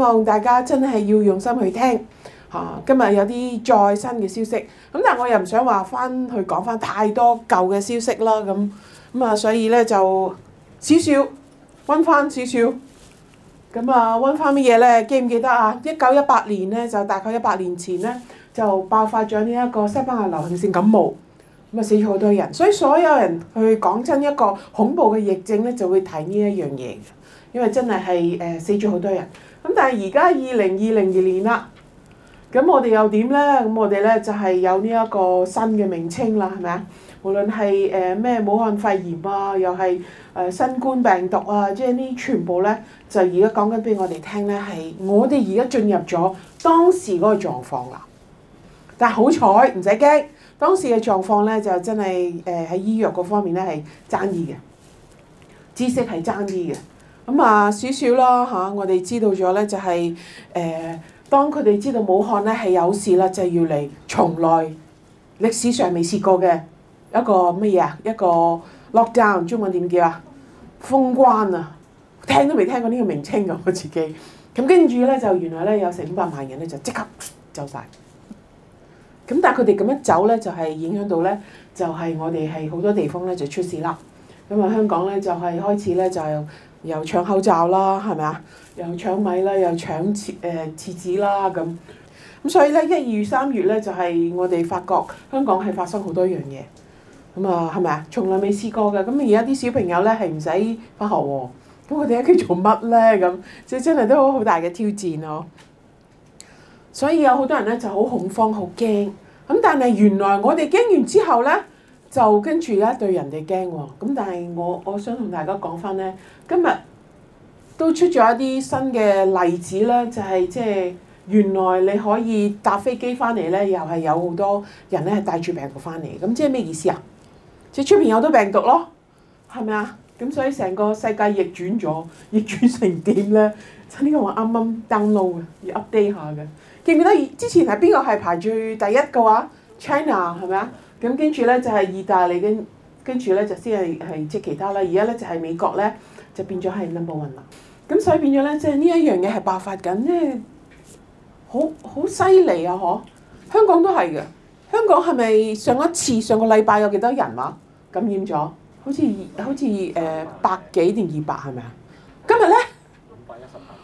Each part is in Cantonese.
希望大家真係要用心去聽吓。今日有啲再新嘅消息，咁但係我又唔想話翻去講翻太多舊嘅消息啦。咁咁啊，所以咧就少少溫翻少少。咁啊，溫翻乜嘢咧？記唔記得啊？一九一八年咧，就大概一百年前咧，就爆發咗呢一個西班牙流行性感冒，咁啊死咗好多人。所以所有人去講真一個恐怖嘅疫症咧，就會睇呢一樣嘢，因為真係係誒死咗好多人。咁但係而家二零二零二年啦，咁我哋又點咧？咁我哋咧就係有呢一個新嘅名稱啦，係咪啊？無論係誒咩武漢肺炎啊，又係誒、呃、新冠病毒啊，即係呢全部咧，就而家講緊俾我哋聽咧，係我哋而家進入咗當時嗰個狀況啦。但係好彩，唔使驚，當時嘅狀況咧就真係誒喺醫藥嗰方面咧係爭議嘅，知識係爭議嘅。咁啊，少少啦嚇！我哋知道咗咧、就係，就係誒，當佢哋知道武漢咧係有事啦，就係要嚟從來歷史上未試過嘅一個乜嘢啊，一個 lockdown 中文點叫啊，封關啊，聽都未聽過呢個名稱㗎我自己。咁跟住咧就原來咧有成五百萬人咧就即刻走晒，咁，但係佢哋咁樣走咧，就係、係、影響到咧，就係、係、我哋係好多地方咧就出事啦。咁啊，香港咧就係、係、開始咧就又搶口罩啦，係咪啊？又搶米啦，又搶廁誒廁紙啦，咁、呃、咁所以咧，一二三月咧就係、是、我哋發覺香港係發生好多樣嘢，咁啊係咪啊？從來未試過嘅，咁而家啲小朋友咧係唔使返學喎，咁佢哋喺屋企做乜咧？咁即係真係都好大嘅挑戰咯。所以有好多人咧就好恐慌、好驚，咁但係原來我哋驚完之後咧。就跟住咧對人哋驚喎，咁但係我我想同大家講翻咧，今日都出咗一啲新嘅例子啦，就係即係原來你可以搭飛機翻嚟咧，又係有好多人咧係帶住病毒翻嚟，咁即係咩意思啊？即係出邊有好多病毒咯，係咪啊？咁所以成個世界逆轉咗，逆轉成點咧？呢個我啱啱 download 嘅，要 update 下嘅，記唔記得之前係邊個係排最第一嘅話？China 係咪啊？咁跟住咧就係意大利，跟跟住咧就先係係即其他啦，而家咧就係美國咧就變咗係 number one 啦。咁所以變咗咧，即係呢一樣嘢係爆發緊咧，好好犀利啊！嗬，香港都係嘅。香港係咪上一次上個禮拜有幾多人嘛感染咗？好似好似誒百幾定二百係咪啊？今日咧五百一十個。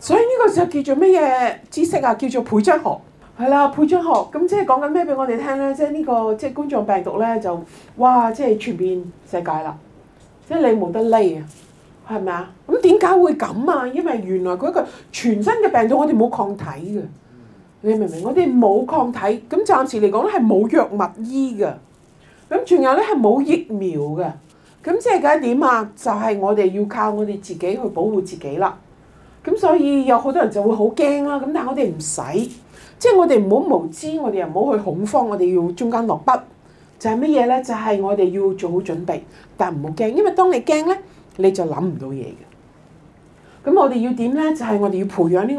所以呢個就叫做咩嘢知識啊？叫做倍增學。係啦，配章學咁即係講緊咩俾我哋聽咧？即係、這、呢個即係冠狀病毒咧，就哇即係傳遍世界啦！即係你冇得匿啊，係咪啊？咁點解會咁啊？因為原來佢一個全新嘅病毒，我哋冇抗體嘅，你明唔明？我哋冇抗體，咁暫時嚟講咧係冇藥物醫嘅，咁仲有咧係冇疫苗嘅，咁即係點啊？就係、是、我哋要靠我哋自己去保護自己啦。咁所以有好多人就會好驚啦。咁但係我哋唔使。即係我哋唔好無知，我哋又唔好去恐慌，我哋要中間落筆。就係乜嘢咧？就係、是、我哋要做好準備，但唔好驚。因為當你驚咧，你就諗唔到嘢嘅。咁我哋要點咧？就係、是、我哋要培養呢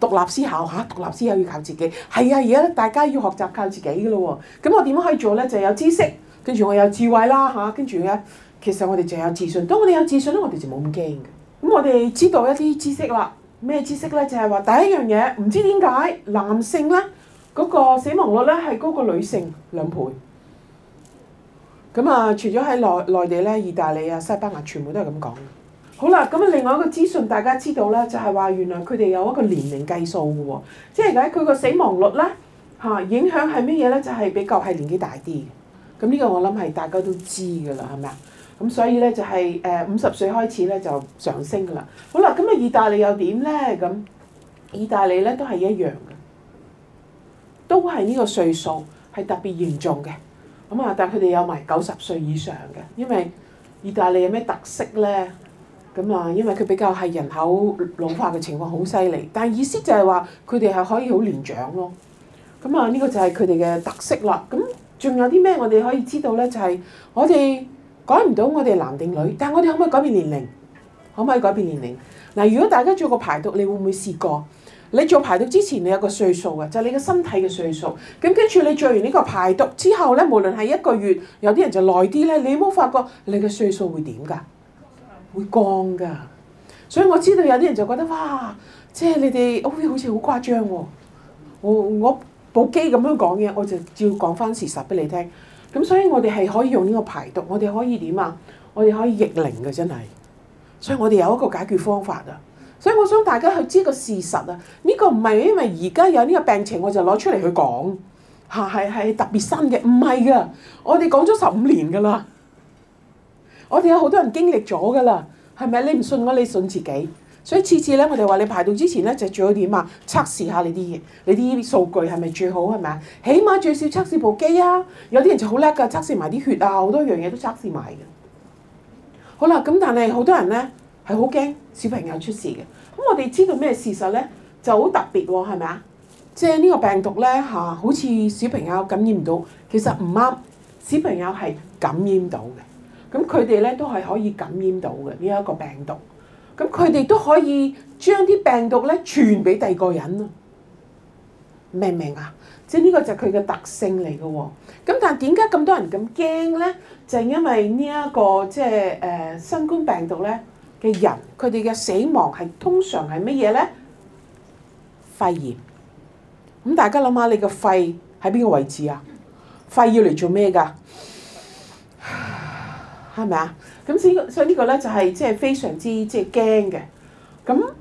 個獨立思考嚇、啊，獨立思考要靠自己。係啊，而家大家要學習靠自己嘅咯喎。咁我點樣可以做咧？就有知識，跟住我有智慧啦嚇，跟住咧，其實我哋就有自信。當我哋有自信咧，我哋就冇咁驚嘅。咁我哋知道一啲知識啦。咩知識咧？就係話第一樣嘢，唔知點解男性咧嗰個死亡率咧係高過女性兩倍。咁啊，除咗喺內內地咧、意大利啊、西班牙，全部都係咁講。好啦，咁啊，另外一個資訊大家知道咧，就係話原來佢哋有一個年齡計數嘅喎，即係喺佢個死亡率咧嚇影響係咩嘢咧？就係比較係年紀大啲。咁呢個我諗係大家都知㗎啦，係咪？咁所以咧就係誒五十歲開始咧就上升噶啦，好啦，咁啊意大利又點咧？咁意大利咧都係一樣嘅，都係呢個歲數係特別嚴重嘅。咁啊，但係佢哋有埋九十歲以上嘅，因為意大利有咩特色咧？咁啊，因為佢比較係人口老化嘅情況好犀利，但係意思就係話佢哋係可以好年長咯。咁啊，呢個就係佢哋嘅特色啦。咁仲有啲咩我哋可以知道咧？就係我哋。改唔到我哋男定女，但係我哋可唔可以改變年齡？可唔可以改變年齡？嗱，如果大家做個排毒，你會唔會試過？你做排毒之前，你有個歲數啊，就係、是、你嘅身體嘅歲數。咁跟住你做完呢個排毒之後咧，無論係一個月，有啲人就耐啲咧，你有冇發覺你嘅歲數會點㗎？會降㗎。所以我知道有啲人就覺得哇，即係你哋、哦哎、好似好似好誇張喎。我我部機咁樣講嘢，我就照講翻事實俾你聽。咁所以我哋係可以用呢個排毒，我哋可以點啊？我哋可以逆齡嘅真係，所以我哋有一個解決方法啊！所以我想大家去知個事實啊！呢個唔係因為而家有呢個病情我就攞出嚟去講，吓，係係特別新嘅，唔係噶，我哋講咗十五年噶啦，我哋有好多人經歷咗噶啦，係咪？你唔信我，你信自己。所以次次咧，我哋話你排毒之前咧就最好點啊？測試下你啲嘢，你啲數據係咪最好，係咪啊？起碼最少測試部機啊！有啲人就好叻噶，測試埋啲血啊，好多樣嘢都測試埋嘅。好啦，咁但係好多人咧係好驚小朋友出事嘅。咁我哋知道咩事實咧？就好特別喎、哦，係咪啊？即係呢個病毒咧嚇，好似小朋友感染唔到，其實唔啱。小朋友係感染到嘅，咁佢哋咧都係可以感染到嘅呢一個病毒。咁佢哋都可以將啲病毒咧傳俾第二個人啊，明唔明啊？即係呢個就佢嘅特性嚟嘅喎。咁但係點解咁多人咁驚咧？就係因為呢一個即係誒新冠病毒咧嘅人，佢哋嘅死亡係通常係乜嘢咧？肺炎。咁大家諗下，你個肺喺邊個位置啊？肺要嚟做咩㗎？係咪啊？咁所以呢個咧就係即係非常之即係驚嘅。咁、就是、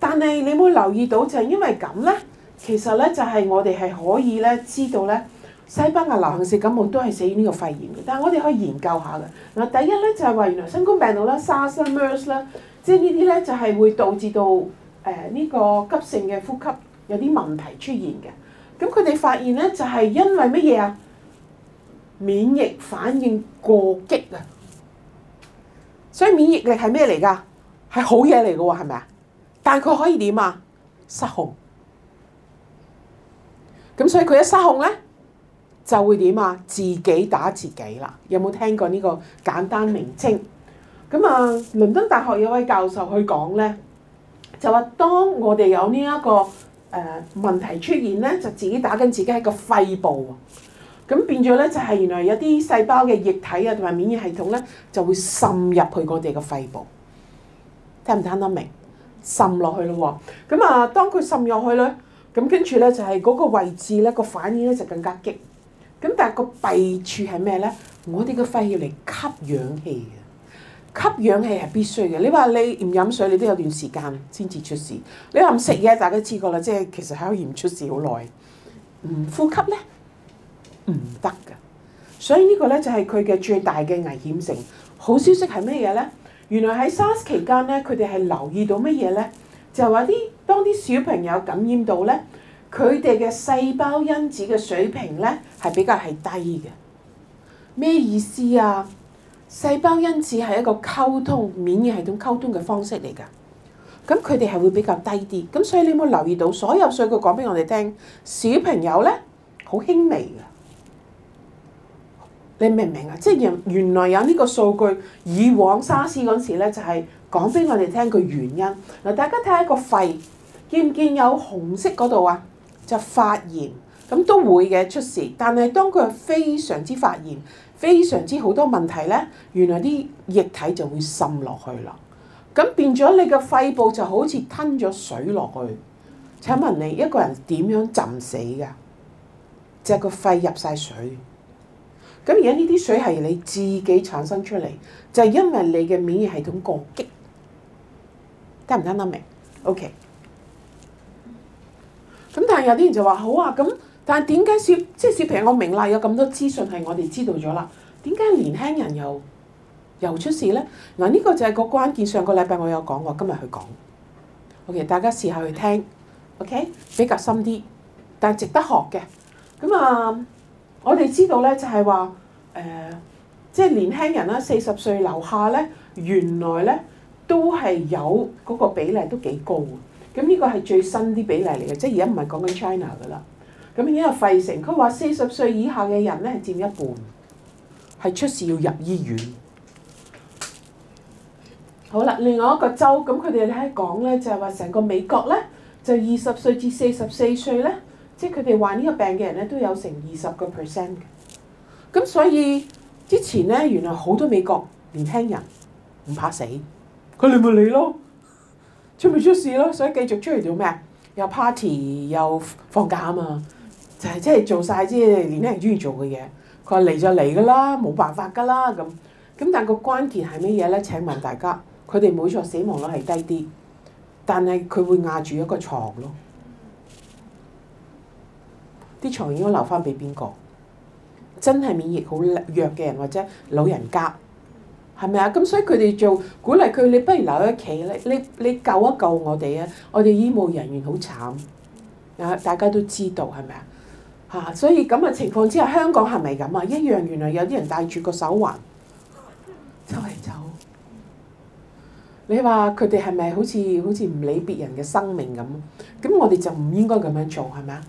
但係你有冇留意到？就係因為咁咧，其實咧就係我哋係可以咧知道咧，西班牙流行性感冒都係死於呢個肺炎嘅。但係我哋可以研究下嘅嗱，第一咧就係、是、話原來新冠病毒啦、沙士、MERS 即係呢啲咧就係會導致到誒呢、呃呢個急性嘅呼吸有啲問題出現嘅。咁佢哋發現咧就係、是、因為乜嘢啊？免疫反應過激啊！所以免疫力係咩嚟㗎？係好嘢嚟㗎喎，係咪啊？但係佢可以點啊？失控。咁所以佢一失控咧，就會點啊？自己打自己啦。有冇聽過呢個簡單名稱？咁啊，倫敦大學有位教授去講咧，就話當我哋有呢、這、一個誒、呃、問題出現咧，就自己打緊自己喺個肺部。咁變咗咧，就係原來有啲細胞嘅液體啊，同埋免疫系統咧，就會滲入去我哋嘅肺部。聽唔聽得明？滲落去咯喎。咁啊，當佢滲入去咧，咁跟住咧就係嗰個位置咧，個反應咧就更加激。咁但係個弊處係咩咧？我哋嘅肺要嚟吸氧氣嘅，吸氧氣係必須嘅。你話你唔飲水，你都有段時間先至出事。你話唔食嘢，大家知噶啦，即係其實可以唔出事好耐。唔呼吸咧？唔得㗎，所以呢個咧就係佢嘅最大嘅危險性。好消息係咩嘢咧？原來喺 SARS 期間咧，佢哋係留意到乜嘢咧？就話啲，當啲小朋友感染到咧，佢哋嘅細胞因子嘅水平咧係比較係低嘅。咩意思啊？細胞因子係一個溝通免疫系統溝通嘅方式嚟㗎。咁佢哋係會比較低啲。咁所以你有冇留意到所有數據講俾我哋聽？小朋友咧好輕微嘅。你明唔明啊？即係原原來有呢個數據，以往沙士嗰時咧就係講俾我哋聽個原因。嗱，大家睇下個肺，見唔見有紅色嗰度啊？就發炎，咁都會嘅出事。但係當佢非常之發炎，非常之好多問題咧，原來啲液體就會滲落去啦。咁變咗你個肺部就好似吞咗水落去。請問你一個人點樣浸死㗎？就係個肺入晒水。咁而家呢啲水係你自己產生出嚟，就係因為你嘅免疫系統過激，聽唔聽得明？OK。咁但係有啲人就話好啊，咁但係點解小即係小朋友？我明啦，有咁多資訊係我哋知道咗啦，點解年輕人又又出事咧？嗱，呢個就係個關鍵。上個禮拜我有講過，今日去講。OK，大家試下去聽。OK，比較深啲，但係值得學嘅。咁啊。我哋知道咧、呃，就係話誒，即係年輕人啦，四十歲以下咧，原來咧都係有嗰個比例都幾高嘅。咁、這、呢個係最新啲比例嚟嘅，即係而家唔係講緊 China 嘅啦。咁因為費城佢話四十歲以下嘅人咧，佔一半，係出事要入醫院。好啦，另外一個州，咁佢哋喺講咧，就係話成個美國咧，就二十歲至四十四歲咧。即係佢哋患呢個病嘅人咧，都有成二十個 percent 嘅。咁所以之前咧，原來好多美國年輕人唔怕死，佢嚟咪嚟咯，出咪出事咯，所以繼續出嚟做咩啊？又 party 又放假啊嘛，就係即係做晒啲年輕人中意做嘅嘢。佢話嚟就嚟㗎啦，冇辦法㗎啦咁。咁但係個關鍵係咩嘢咧？請問大家，佢哋冇錯死亡率係低啲，但係佢會壓住一個床咯。啲床應該留翻俾邊個？真係免疫好弱嘅人，或者老人家，係咪啊？咁所以佢哋做鼓勵佢，你不如留喺屋企咧。你你救一救我哋啊！我哋醫務人員好慘啊！大家都知道係咪啊？嚇！所以咁嘅情況之下，香港係咪咁啊？一樣原來有啲人戴住個手環走嚟走。你話佢哋係咪好似好似唔理別人嘅生命咁？咁我哋就唔應該咁樣做係咪啊？是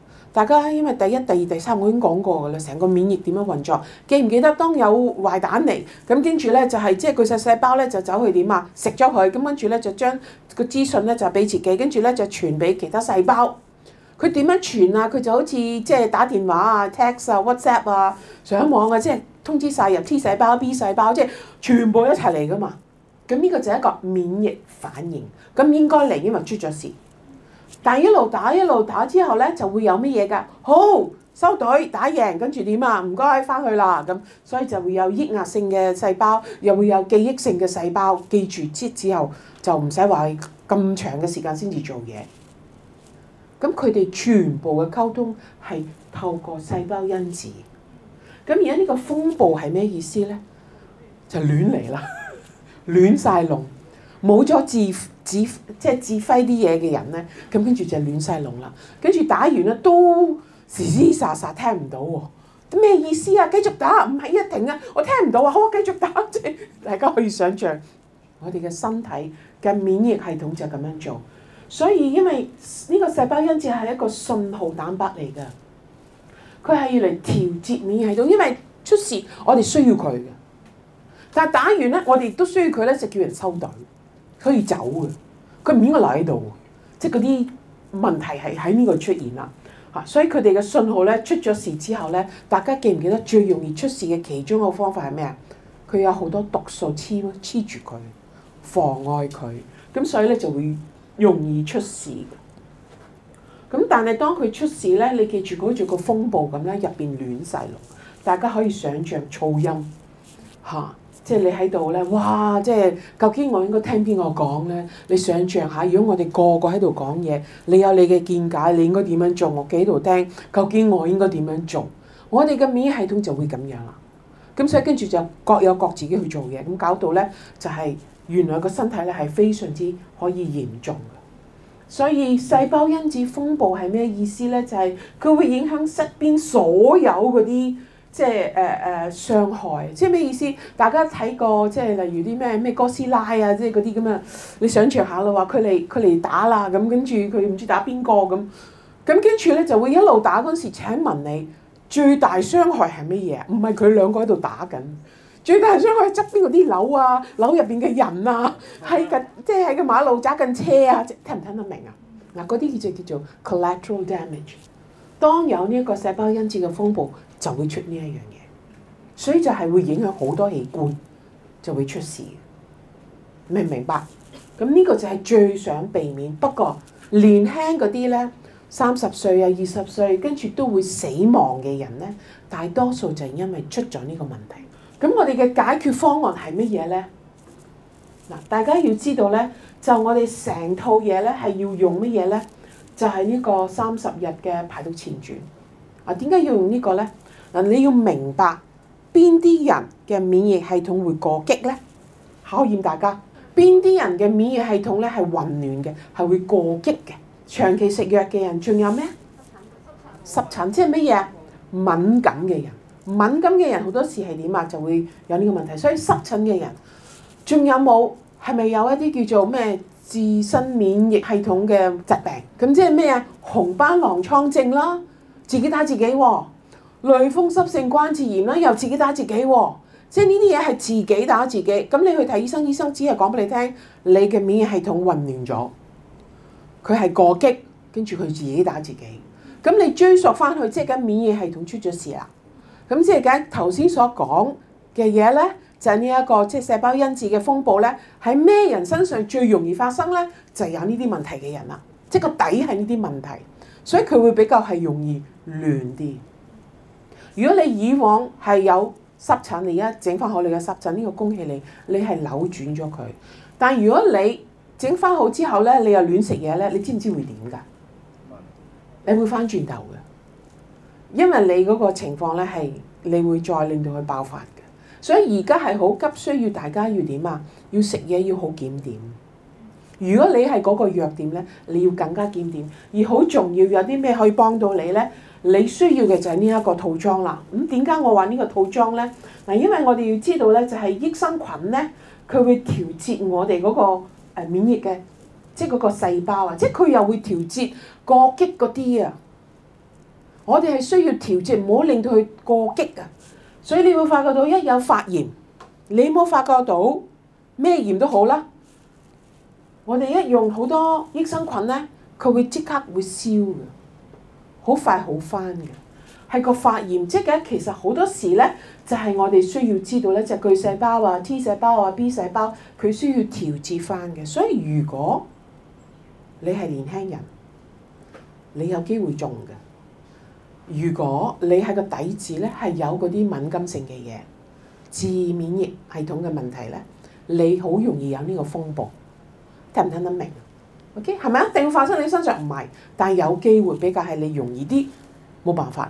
大家因為第一、第二、第三，我已經講過㗎啦，成個免疫點樣運作？記唔記得當有壞蛋嚟咁、就係，跟住咧就係即係佢細細胞咧就走去點啊？食咗佢咁跟住咧就將個資訊咧就俾自己，跟住咧就傳俾其他細胞。佢點樣傳啊？佢就好似即係打電話啊、text 啊、WhatsApp 啊、上網啊，即係通知晒入 T 細胞、B 細胞，即係全部一齊嚟㗎嘛。咁呢個就係一個免疫反應。咁應該嚟，因為出咗事。但一路打一路打之後咧，就會有乜嘢㗎？好，收隊打贏，跟住點啊？唔該，翻去啦咁。所以就會有抑壓性嘅細胞，又會有記憶性嘅細胞記住，之後就唔使話咁長嘅時間先至做嘢。咁佢哋全部嘅溝通係透過細胞因子。咁而家呢個風暴係咩意思咧？就亂嚟啦，亂晒龍，冇咗自。指即係，就是，指揮啲嘢嘅人咧，咁跟住就亂晒龍啦。跟住打完咧都嘶嘶沙沙聽唔到喎，哦，咩意思啊？繼續打唔係一停啊！我聽唔到啊，好啊，繼續打。即大家可以想象我哋嘅身體嘅免疫系統就咁樣做。所以因為呢個細胞因子係一個信號蛋白嚟㗎，佢係要嚟調節免疫系統。因為出事我哋需要佢嘅，但係打完咧我哋都需要佢咧，就叫人收隊。可以走嘅，佢唔應該留喺度，即係嗰啲問題係喺邊個出現啦？嚇，所以佢哋嘅信號咧出咗事之後咧，大家記唔記得最容易出事嘅其中一個方法係咩啊？佢有好多毒素黐黐住佢，妨礙佢，咁所以咧就會容易出事。咁但係當佢出事咧，你記住好似個風暴咁咧，入邊亂曬咯，大家可以想像噪音嚇。即係你喺度咧，哇！即係究竟我應該聽邊個講咧？你想象下，如果我哋個個喺度講嘢，你有你嘅見解，你應該點樣做？我企喺度聽，究竟我應該點樣做？我哋嘅免疫系統就會咁樣啦。咁所以跟住就各有各自己去做嘢，咁搞到咧就係原來個身體咧係非常之可以嚴重嘅。所以細胞因子風暴係咩意思咧？就係佢會影響側邊所有嗰啲。即係誒誒傷害，即係咩意思？大家睇過即係例如啲咩咩哥斯拉啊，即係嗰啲咁啊，你想象下咯，話佢嚟佢嚟打啦，咁跟住佢唔知打邊個咁，咁跟住咧就會一路打嗰陣時，請問你最大傷害係咩嘢？唔係佢兩個喺度打緊，最大傷害係側邊嗰啲樓啊，樓入邊嘅人啊，喺近 即係喺個馬路揸緊車啊，即聽唔聽得明啊？嗱，嗰啲叫做叫做 collateral damage。當有呢一個細胞因子嘅風暴。就會出呢一樣嘢，所以就係會影響好多器官，就會出事。明唔明白？咁呢個就係最想避免。不過年輕嗰啲咧，三十歲啊、二十歲，跟住都會死亡嘅人咧，大多數就係因為出咗呢個問題。咁我哋嘅解決方案係乜嘢咧？嗱，大家要知道咧，就我哋成套嘢咧係要用乜嘢咧？就係、是、呢個三十日嘅排毒前轉。啊，點解要用這個呢個咧？嗱，你要明白邊啲人嘅免疫系統會過激咧？考驗大家邊啲人嘅免疫系統咧，係混亂嘅，係會過激嘅。長期食藥嘅人，仲有咩？濕疹，濕疹即係乜嘢？敏感嘅人，敏感嘅人好多時係點啊？就會有呢個問題。所以濕疹嘅人，仲有冇係咪有一啲叫做咩自身免疫系統嘅疾病？咁即係咩啊？紅斑狼瘡症啦，自己打自己喎。類風濕性關節炎啦，又自己打自己喎、啊，即係呢啲嘢係自己打自己。咁你去睇醫生，醫生只係講俾你聽，你嘅免疫系統混亂咗，佢係過激，跟住佢自己打自己。咁你追溯翻去，即係咁免疫系統出咗事啦。咁即係講頭先所講嘅嘢咧，就係呢一個即係細胞因子嘅風暴咧。喺咩人身上最容易發生咧？就有呢啲問題嘅人啦。即係個底係呢啲問題，所以佢會比較係容易亂啲。如果你以往係有濕疹，而家整翻好你嘅濕疹，呢個恭喜你，你係扭轉咗佢。但如果你整翻好之後咧，你又亂食嘢咧，你知唔知會點㗎？你會翻轉頭嘅，因為你嗰個情況咧係你會再令到佢爆發嘅。所以而家係好急，需要大家要點啊？要食嘢要好檢點。如果你係嗰個弱點咧，你要更加檢點。而好重要有啲咩可以幫到你咧？你需要嘅就係呢一個套裝啦。咁點解我話呢個套裝咧？嗱，因為我哋要知道咧，就係益生菌咧，佢會調節我哋嗰個誒免疫嘅，即係嗰個細胞啊，即係佢又會調節過激嗰啲啊。我哋係需要調節，唔好令到佢過激啊。所以你會發覺到，一有發炎，你冇發覺到咩炎都好啦，我哋一用好多益生菌咧，佢會即刻會消嘅。好快好翻嘅，係個發炎，即嘅。其實好多時咧，就係我哋需要知道咧，隻巨細胞啊、T 細胞啊、B 細胞，佢需要調節翻嘅。所以如果你係年輕人，你有機會中嘅。如果你係個底子咧，係有嗰啲敏感性嘅嘢，自免疫系統嘅問題咧，你好容易有呢個風暴。聽唔聽得明？O.K. 係咪一定會發生你身上？唔係，但係有機會比較係你容易啲，冇辦法，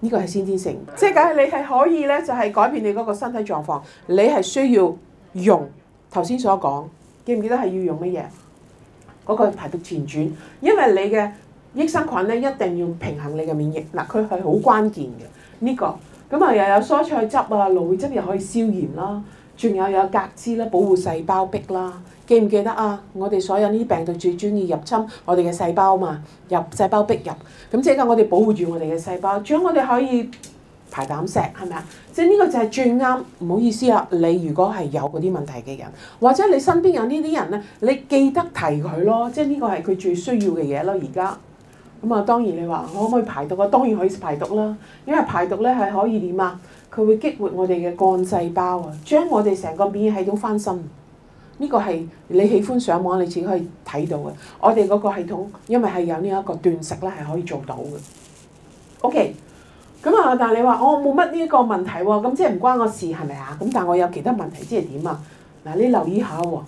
呢、這個係先天性。即係假如你係可以咧，就係、是、改變你嗰個身體狀況，你係需要用頭先所講，記唔記得係要用乜嘢？嗰、那個排毒前轉，因為你嘅益生菌咧一定要平衡你嘅免疫，嗱佢係好關鍵嘅呢個。咁啊又有蔬菜汁啊、蘆薈汁又可以消炎啦，仲有有膠質啦，保護細胞壁啦。記唔記得啊？我哋所有呢啲病毒最鍾意入侵我哋嘅細胞嘛，入細胞逼入。咁即係我哋保護住我哋嘅細胞，將我哋可以排膽石，係咪啊？即係呢個就係最啱。唔好意思啊，你如果係有嗰啲問題嘅人，或者你身邊有呢啲人咧，你記得提佢咯。即係呢個係佢最需要嘅嘢咯。而家咁啊，當然你話我可唔可以排毒啊？當然可以排毒啦，因為排毒咧係可以點啊？佢會激活我哋嘅幹細胞啊，將我哋成個免疫系統翻身。呢個係你喜歡上網，你自己可以睇到嘅。我哋嗰個系統，因為係有呢一個斷食咧，係可以做到嘅。OK，咁啊，但係你話我冇乜呢個問題喎、哦，咁即係唔關我事係咪啊？咁但係我有其他問題，即係點啊？嗱，你留意一下喎、哦，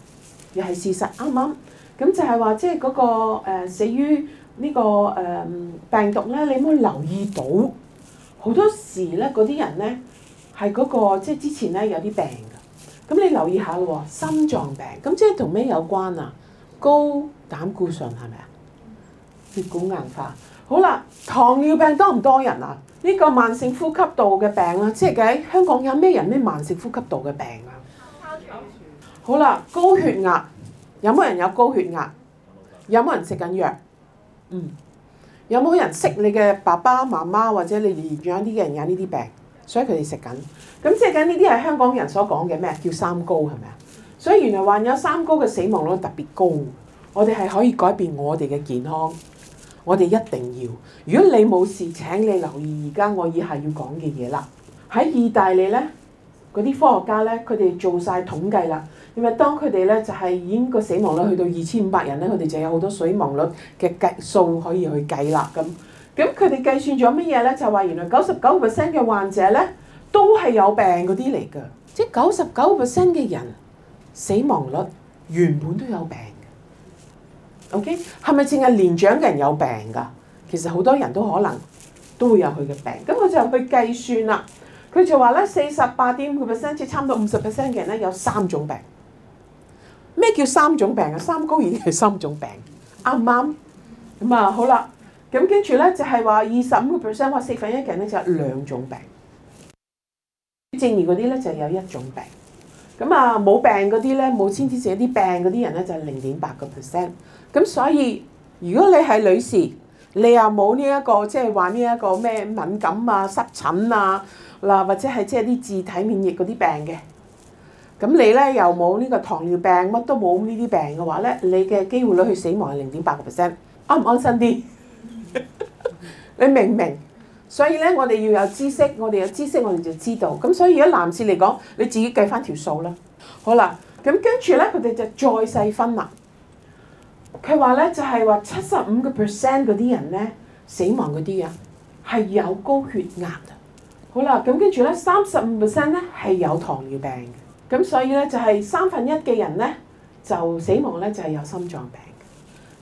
又係事實啱唔啱。咁就係話即係嗰個、呃、死於呢、這個誒、呃、病毒咧，你冇留意到好多時咧，嗰啲人咧係嗰個即係之前咧有啲病。咁你留意下咯喎，心臟病，咁即係同咩有關啊？高膽固醇係咪啊？血管硬化。好啦，糖尿病多唔多人啊？呢個慢性呼吸道嘅病啊，即係喺香港有咩人咩慢性呼吸道嘅病啊？好啦，高血壓，有冇人有高血壓？有冇人食緊藥？嗯。有冇人識你嘅爸爸媽媽或者你哋養啲嘅人有呢啲病？所以佢哋食緊，咁即係緊呢啲係香港人所講嘅咩？叫三高係咪啊？所以原來患有三高嘅死亡率特別高。我哋係可以改變我哋嘅健康，我哋一定要。如果你冇事，請你留意而家我以下要講嘅嘢啦。喺意大利咧，嗰啲科學家咧，佢哋做晒統計啦。因為當佢哋咧就係已經個死亡率去到二千五百人咧，佢哋就有好多死亡率嘅計數可以去計啦咁。咁佢哋計算咗乜嘢咧？就話原來九十九 percent 嘅患者咧，都係有病嗰啲嚟噶。即九十九 percent 嘅人死亡率原本都有病嘅。OK，係咪淨係年長嘅人有病噶？其實好多人都可能都會有佢嘅病。咁佢就去計算啦。佢就話咧，四十八點五 percent 至差唔多五十 percent 嘅人咧，有三種病。咩叫三種病啊？三高已經係三種病，啱唔啱？咁啊，好啦。咁跟住咧就係話，二十五個 percent，話四分一嘅人咧就有兩種病，正如嗰啲咧就係有一種病。咁啊，冇病嗰啲咧，冇簽簽寫啲病嗰啲人咧，就係零點八個 percent。咁所以如果你係女士，你又冇呢一個即係話呢一個咩敏感啊、濕疹啊嗱，或者係即係啲自體免疫嗰啲病嘅，咁你咧又冇呢個糖尿病，乜都冇呢啲病嘅話咧，你嘅機會率去死亡係零點八個 percent，安唔安心啲？ 你明唔明？所以咧，我哋要有知識，我哋有知識，我哋就知道。咁所以，如果男士嚟講，你自己計翻條數啦。好啦，咁跟住咧，佢哋就再細分啦。佢話咧，就係話七十五個 percent 嗰啲人咧，死亡嗰啲啊，係有高血壓嘅。好啦，咁跟住咧，三十五 percent 咧係有糖尿病嘅。咁所以咧，就係三分一嘅人咧，就死亡咧，就係有心臟病。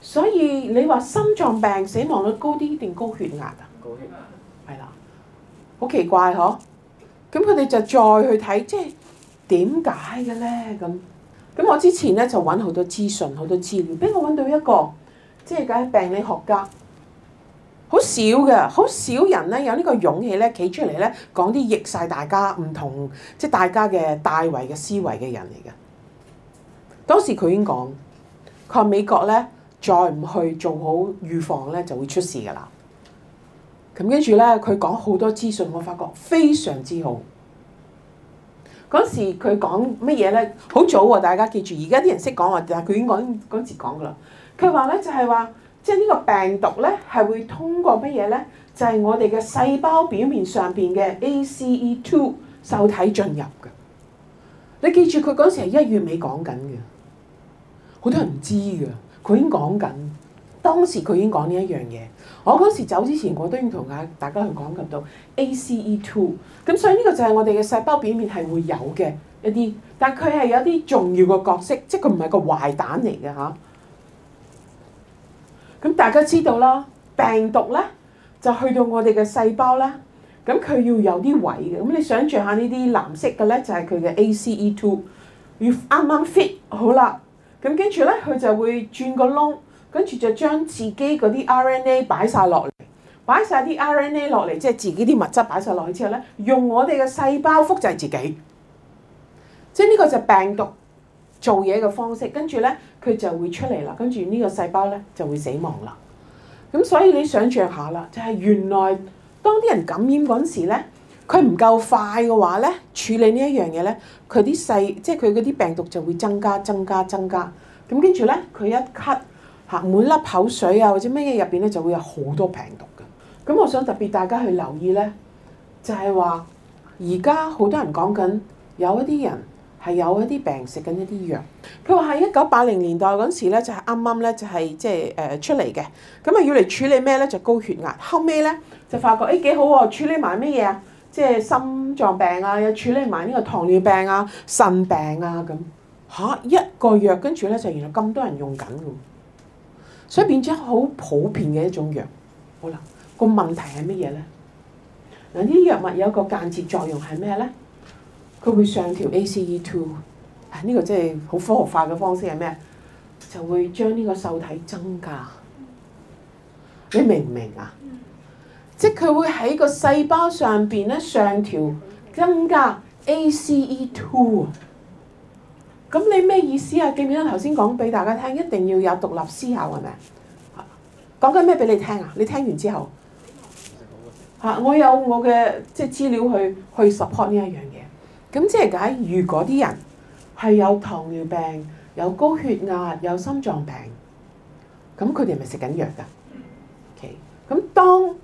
所以你話心臟病死亡率高啲定高血壓啊？高血壓，係啦，好奇怪嗬，咁佢哋就再去睇，即係點解嘅咧？咁咁我之前咧就揾好多資訊，好多資料，俾我揾到一個，即係嘅病理學家，好少嘅，好少人咧有呢個勇氣咧企出嚟咧講啲逆晒大家唔同，即係大家嘅大圍嘅思維嘅人嚟嘅。當時佢已經講，佢話美國咧。再唔去做好預防咧，就會出事噶啦。咁跟住咧，佢講好多資訊，我發覺非常之好。嗰時佢講乜嘢咧？好早喎、啊，大家記住。而家啲人識講喎，但係佢已經嗰嗰時講噶啦。佢話咧就係話，即係呢個病毒咧係會通過乜嘢咧？就係我哋嘅細胞表面上邊嘅 ACE2 受體進入嘅。你記住佢嗰時係一月尾講緊嘅，好多人唔知㗎。佢已經講緊，當時佢已經講呢一樣嘢。我嗰時走之前，我都已經同大家去講到 ACE2。咁所以呢個就係我哋嘅細胞表面係會有嘅一啲，但佢係有啲重要嘅角色，即係佢唔係個壞蛋嚟嘅吓，咁大家知道啦，病毒咧就去到我哋嘅細胞咧，咁佢要有啲位嘅。咁你想象下呢啲藍色嘅咧，就係佢嘅 ACE2，要啱啱 fit 好啦。咁跟住咧，佢就會轉個窿，跟住就將自己嗰啲 R N A 擺晒落嚟，擺晒啲 R N A 落嚟，即係自己啲物質擺晒落嚟之後咧，用我哋嘅細胞複製自己，即係呢個就係病毒做嘢嘅方式。跟住咧，佢就會出嚟啦。跟住呢個細胞咧就會死亡啦。咁所以你想象下啦，就係原來當啲人感染嗰陣時咧。佢唔夠快嘅話咧，處理呢一樣嘢咧，佢啲細即係佢嗰啲病毒就會增加、增加、增加。咁跟住咧，佢一咳吓，每粒口水啊或者咩嘢入面咧，就會有好多病毒嘅。咁我想特別大家去留意咧，就係話而家好多人講緊有一啲人係有一啲病食緊一啲藥。佢話喺一九八零年代嗰陣時咧，就係啱啱咧就係即係誒出嚟嘅，咁啊要嚟處理咩咧？就高血壓。後尾咧就發覺誒幾好喎，處理埋咩嘢啊？即係心臟病啊，又處理埋呢個糖尿病啊、腎病啊咁嚇、啊、一個藥，跟住咧就原來咁多人用緊喎，所以變咗好普遍嘅一種藥。好啦，個問題係乜嘢咧？嗱，呢啲藥物有一個間接作用係咩咧？佢會上調 ACE2，啊呢、呢個真係好科學化嘅方式係咩？就會將呢個受體增加。你明唔明啊？即佢會喺個細胞上邊咧，上調增加 ACE two。咁你咩意思啊？記唔記得頭先講俾大家聽，一定要有獨立思考係咪？講緊咩俾你聽啊？你聽完之後嚇，我有我嘅即資料去去 support 呢一樣嘢。咁即係解，如果啲人係有糖尿病、有高血壓、有心臟病，咁佢哋係咪食緊藥㗎？OK，咁當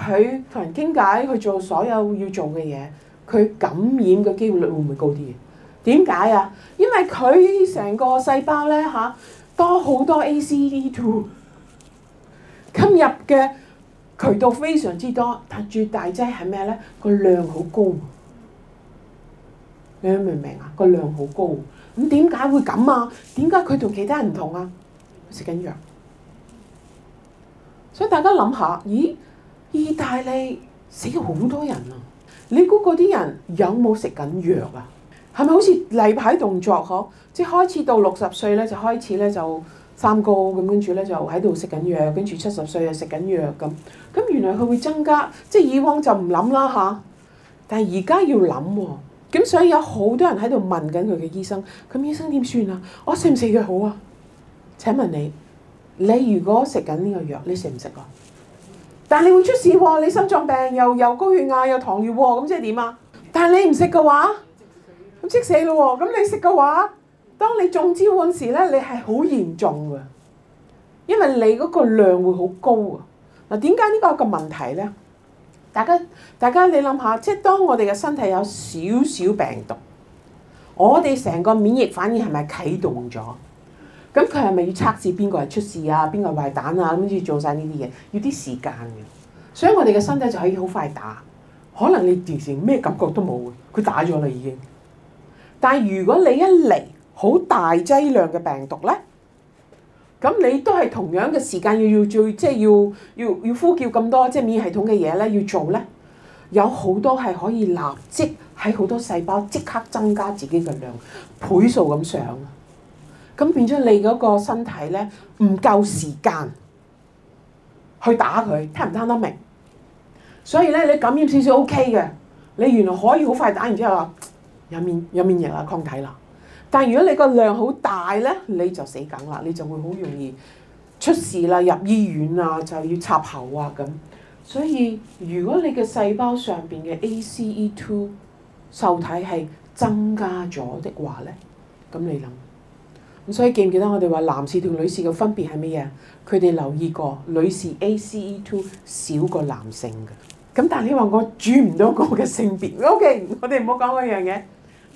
佢同人傾偈，去做所有要做嘅嘢，佢感染嘅機會率會唔會高啲？點解啊？因為佢成個細胞咧嚇、啊、多好多 ACD two，今日嘅渠道非常之多，但最大劑係咩咧？個量好高，你明唔明啊？個量好高，咁點解會咁啊？點解佢同其他人唔同啊？食緊藥，所以大家諗下，咦？意大利死咗好多人啊！你估嗰啲人有冇食緊藥啊？係咪好似例牌動作呵？即係開始到六十歲咧就開始咧就三高咁，跟住咧就喺度食緊藥，跟住七十歲又食緊藥咁。咁原來佢會增加，即係以往就唔諗啦吓。但係而家要諗喎、啊，咁所以有好多人喺度問緊佢嘅醫生。咁醫生點算啊？我食唔食藥好啊？請問你，你如果食緊呢個藥，你食唔食啊？但係你會出事喎！你心臟病又又高血壓又糖尿喎，咁即係點啊？但係你唔食嘅話，咁即死咯喎！咁你食嘅話，當你中招嗰時咧，你係好嚴重嘅，因為你嗰個量會好高啊！嗱，點解呢個係個問題咧？大家，大家你諗下，即係當我哋嘅身體有少少病毒，我哋成個免疫反應係咪啟動咗？咁佢係咪要測試邊個係出事啊？邊個係壞蛋啊？咁要做晒呢啲嘢，要啲時間嘅。所以我哋嘅身體就可以好快打，可能你完全咩感覺都冇佢打咗啦已經。但係如果你一嚟好大劑量嘅病毒咧，咁你都係同樣嘅時間要要做，即係要要要呼叫咁多即係免疫系統嘅嘢咧要做咧，有好多係可以立即喺好多細胞即刻增加自己嘅量倍數咁上。咁變咗你嗰個身體咧，唔夠時間去打佢，聽唔聽得明？所以咧，你感染少少 OK 嘅，你原來可以好快打完之後話有免有面型力免疫力啦、抗體啦。但係如果你個量好大咧，你就死梗啦，你就會好容易出事啦、入醫院啊、就要插喉啊咁。所以如果你嘅細胞上邊嘅 ACE2 受體係增加咗的話咧，咁你諗？所以記唔記得我哋話男士同女士嘅分別係乜嘢？佢哋留意過，女士 ACE2 少過男性嘅。咁但係你話我轉唔到我嘅性別，OK，我哋唔好講嗰樣嘢。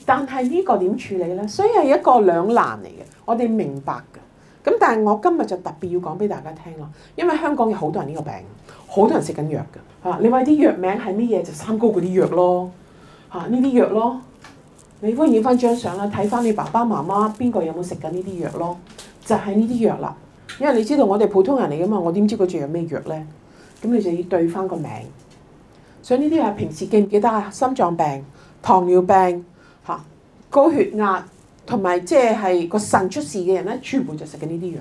但係呢個點處理咧？所以係一個兩難嚟嘅。我哋明白嘅。咁但係我今日就特別要講俾大家聽咯，因為香港有好多人呢個病，好多人食緊藥嘅嚇。你話啲藥名係乜嘢？就三高嗰啲藥咯，嚇呢啲藥咯。你可以影翻張相啦，睇翻你爸爸媽媽邊個有冇食緊呢啲藥咯？就係呢啲藥啦，因為你知道我哋普通人嚟噶嘛，我點知佢仲有咩藥咧？咁你就要對翻個名。所以呢啲藥平時記唔記得啊？心臟病、糖尿病、嚇、高血壓同埋即係個腎出事嘅人咧，全部就食緊呢啲藥。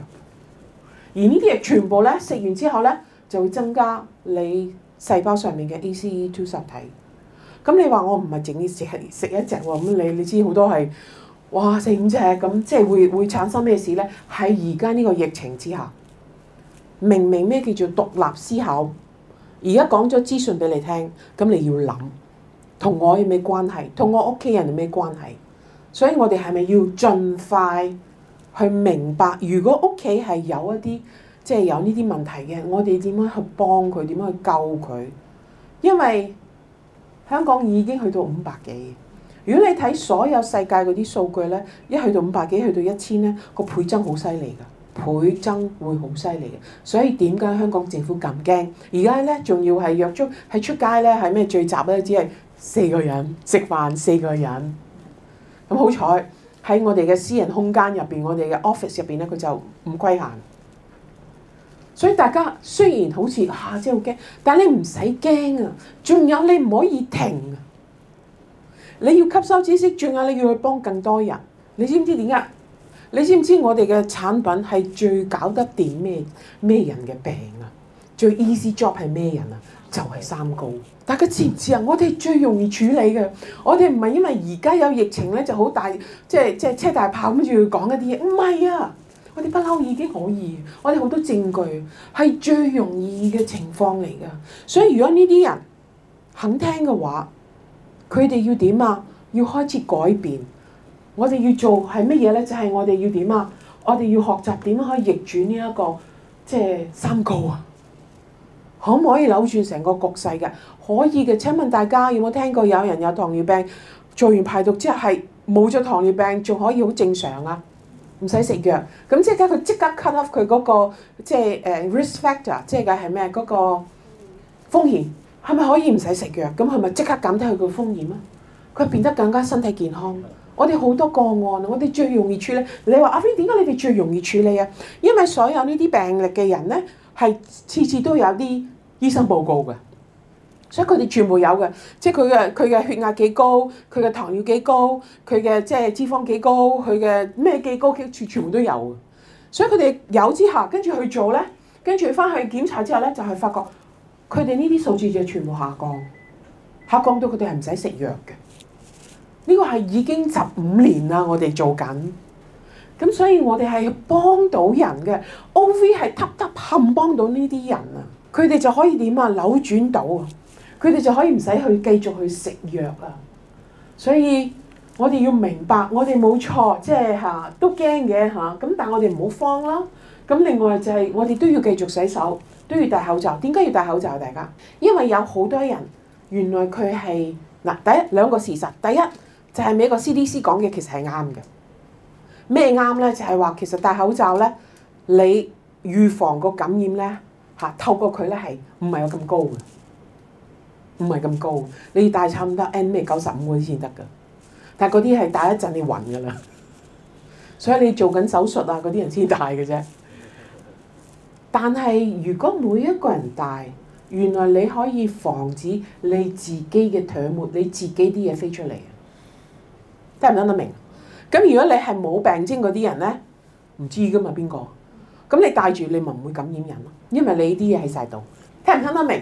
而呢啲藥全部咧食完之後咧，就會增加你細胞上面嘅 ACE2 受體。咁你話我唔係淨要食食一隻喎，咁你你知好多係，哇四五隻咁，即係會會產生咩事咧？喺而家呢個疫情之下，明明咩叫做獨立思考？而家講咗資訊俾你聽，咁你要諗，同我有咩關係？同我屋企人有咩關係？所以我哋係咪要盡快去明白？如果屋企係有一啲即係有呢啲問題嘅，我哋點樣去幫佢？點樣去救佢？因為香港已已經去到五百幾。如果你睇所有世界嗰啲數據咧，一去到五百幾，去到一千咧，個倍增好犀利噶，倍增會好犀利㗎。所以點解香港政府咁驚？而家咧仲要係約束喺出街咧，喺咩聚集咧？只係四個人食飯，四個人。咁好彩喺我哋嘅私人空間入邊，我哋嘅 office 入邊咧，佢就唔規限。所以大家雖然好似啊，真係好驚，但係你唔使驚啊。仲有你唔可以停啊！你要吸收知識，仲有你要去幫更多人。你知唔知點解？你知唔知我哋嘅產品係最搞得掂咩咩人嘅病啊？最 easy job 係咩人啊？就係三高。大家知唔知啊？我哋最容易處理嘅，我哋唔係因為而家有疫情咧就好大，即係即係車大炮跟住要講一啲嘢。唔係啊！我哋不嬲已經可以，我哋好多證據係最容易嘅情況嚟㗎。所以如果呢啲人肯聽嘅話，佢哋要點啊？要開始改變。我哋要做係乜嘢咧？就係我哋要點啊？我哋要學習點樣可以逆轉呢一個即係三高啊？可唔可以扭轉成個局勢嘅？可以嘅。請問大家有冇聽過有人有糖尿病做完排毒之後係冇咗糖尿病，仲可以好正常啊？唔使食藥，咁即刻佢即刻 cut off 佢嗰、嗰個即係誒、uh, risk factor，即係㗎係咩？嗰、嗰個風險係咪可以唔使食藥？咁佢咪即刻減低佢個風險啊？佢變得更加身體健康。我哋好多個案，我哋最容易處理。你話阿飛點解你哋最容易處理啊？因為所有呢啲病歷嘅人咧，係次次都有啲醫生報告嘅。所以佢哋全部有嘅，即係佢嘅佢嘅血壓幾高，佢嘅糖尿幾高，佢嘅即係脂肪幾高，佢嘅咩幾高，佢全全部都有。所以佢哋有之下，跟住去做咧，跟住翻去檢查之後咧，就係發覺佢哋呢啲數字就全部下降，下降到佢哋係唔使食藥嘅。呢個係已經十五年啦，我哋做緊。咁所以我哋係幫到人嘅，OV 係突突冚幫到呢啲人啊，佢哋就可以點啊扭轉到。佢哋就可以唔使去繼續去食藥啦，所以我哋要明白我們沒錯，就是、怕的我哋冇錯，即係嚇都驚嘅嚇，咁但係我哋唔好慌啦。咁另外就係我哋都要繼續洗手，都要戴口罩。點解要戴口罩？大家，因為有好多人原來佢係嗱第一兩個事實，第一就係、是、美國 CDC 講嘅其實係啱嘅。咩啱咧？就係、是、話其實戴口罩咧，你預防個感染咧嚇透過佢咧係唔係有咁高嘅？唔係咁高，你要戴差唔多 N 咩九十五嗰啲先得噶。但係嗰啲係戴一陣你暈噶啦，所以你做緊手術啊嗰啲人先戴嘅啫。但係如果每一個人戴，原來你可以防止你自己嘅唾沫、你自己啲嘢飛出嚟啊？聽唔聽得明？咁如果你係冇病徵嗰啲人咧，唔知噶嘛邊個？咁你戴住你咪唔會感染人咯，因為你啲嘢喺曬度，聽唔聽得明？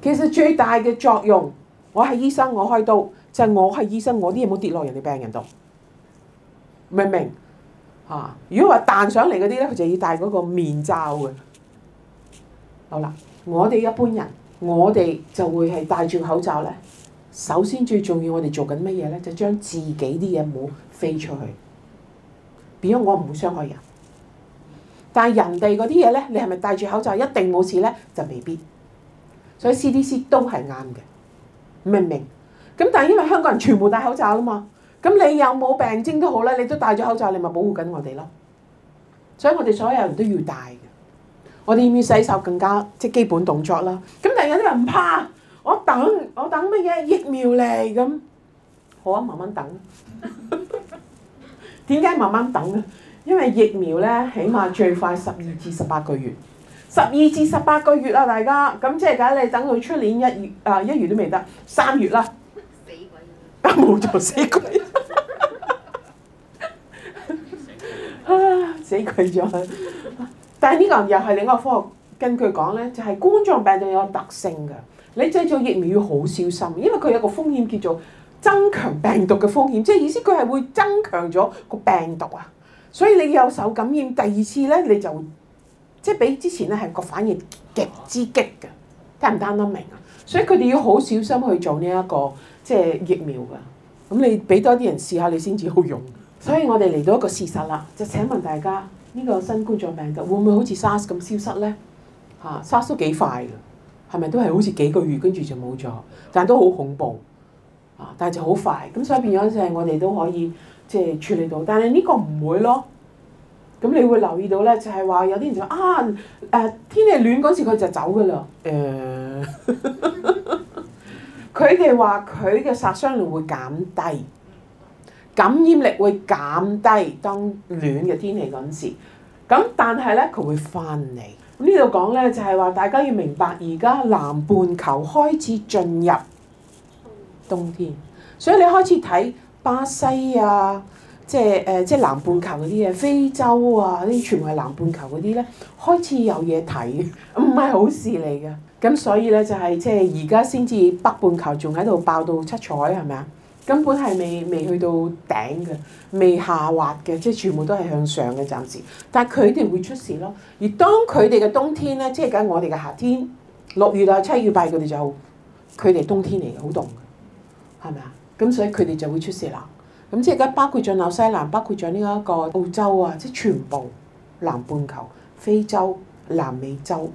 其實最大嘅作用，我係醫生，我開刀就係、是、我係醫生，我啲嘢冇跌落人哋病人度，明唔明？嚇、啊！如果話彈上嚟嗰啲咧，佢就要戴嗰個面罩嘅。好啦，我哋一般人，我哋就會係戴住口罩咧。首先最重要，我哋做緊乜嘢咧？就將自己啲嘢冇飛出去，變咗我唔會傷害人。但係人哋嗰啲嘢咧，你係咪戴住口罩一定冇事咧？就未必。所以 CDC 都係啱嘅，明唔明？咁但係因為香港人全部戴口罩吖嘛，咁你有冇病徵都好啦，你都戴咗口罩，你咪保護緊我哋咯。所以我哋所有人都要戴嘅，我哋要唔要洗手更加即係基本動作啦？咁但係有啲人唔怕，我等我等乜嘢疫苗嚟咁，好啊，慢慢等。點解慢慢等咧？因為疫苗咧，起碼最快十二至十八個月。十二至十八個月啦，大家咁即係梗係你等佢出年一月啊，一月都未得，三月啦。 死鬼！冇錯，死鬼！死鬼咗！但係呢個又係另外一個科學根據講咧，就係、是、冠狀病毒有個特性㗎。你製造疫苗要好小心，因為佢有一個風險叫做增強病毒嘅風險，即係意思佢係會增強咗個病毒啊。所以你有受感染第二次咧，你就～即係比之前咧係個反應極之激嘅，得唔得明啊？所以佢哋要好小心去做呢、這、一個即係疫苗㗎。咁你俾多啲人試下你，你先至好用。所以我哋嚟到一個事實啦，就請問大家，呢、這個新冠狀病毒會唔會好似 SARS 咁消失咧？吓、啊、SARS 都幾快㗎，係咪都係好似幾個月跟住就冇咗？但都好恐怖啊！但係就好快咁，所以變咗就係我哋都可以即係處理到，但係呢個唔會咯。咁你會留意到咧，就係話有啲人就話啊，誒、呃、天氣暖嗰時佢就走噶啦，誒佢哋話佢嘅殺傷力會減低，感染力會減低，當暖嘅天氣嗰陣時，咁但係咧佢會翻嚟。咁呢度講咧就係話大家要明白，而家南半球開始進入冬天，所以你開始睇巴西啊。即係誒、呃，即係南半球嗰啲嘢，非洲啊，啲全部係南半球嗰啲咧，開始有嘢睇，唔係好事嚟嘅。咁所以咧就係、是、即係而家先至北半球仲喺度爆到七彩係咪啊？根本係未未去到頂嘅，未下滑嘅，即係全部都係向上嘅暫時。但係佢哋會出事咯。而當佢哋嘅冬天咧，即係緊我哋嘅夏天六月啊、七月、八月，佢哋就佢哋冬天嚟嘅，好凍，係咪啊？咁所以佢哋就會出事啦。咁即係而家包括著紐西蘭，包括著呢個澳洲啊，即全部南半球、非洲、南美洲，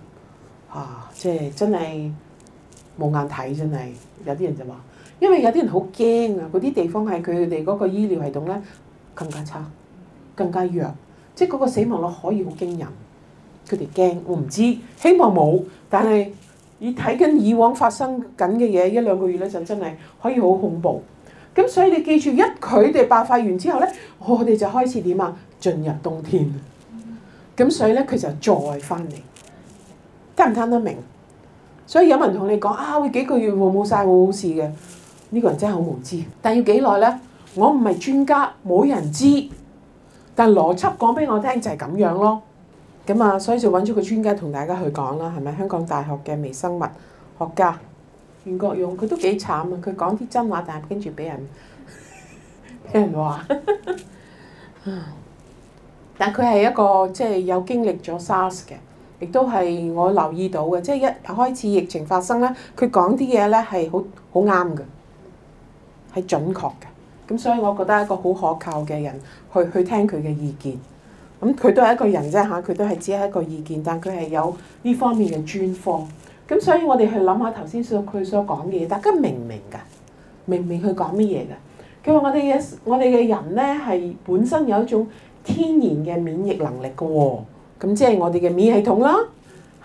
啊，即真係冇眼睇，真係有啲人就話，因為有啲人好驚啊，嗰啲地方係佢哋嗰個醫療系統呢更加差、更加弱，即係嗰個死亡率可以好驚人，佢哋驚。我唔知，希望冇，但係以睇緊以往發生緊嘅嘢一兩個月呢就真係可以好恐怖。咁所以你記住，一佢哋爆發完之後咧，我哋就開始點啊，進入冬天啦。咁所以咧，佢就再返嚟，聽唔聽得明？所以有啲人同你講啊，會幾個月冇曬，冇好事嘅。呢個人真係好無知。但係要幾耐咧？我唔係專家，冇人知。但係邏輯講俾我聽就係咁樣咯。咁啊，所以就搵咗個專家同大家去講啦，係咪？香港大學嘅微生物學家。袁國勇佢都幾慘啊！佢講啲真話，但係跟住俾人俾人話，但係佢係一個即係有經歷咗 SARS 嘅，亦都係我留意到嘅。即係一開始疫情發生咧，佢講啲嘢咧係好好啱嘅，係準確嘅。咁所以我覺得一個好可靠嘅人，去去聽佢嘅意見。咁佢都係一個人啫嚇，佢都係只係一個意見，但係佢係有呢方面嘅專科。咁所以我哋去諗下頭先所佢所講嘅嘢，大家明唔明㗎？明唔明佢講乜嘢㗎？佢話我哋嘅我哋嘅人咧係本身有一種天然嘅免疫能力嘅喎、哦，咁即係我哋嘅免疫系統啦，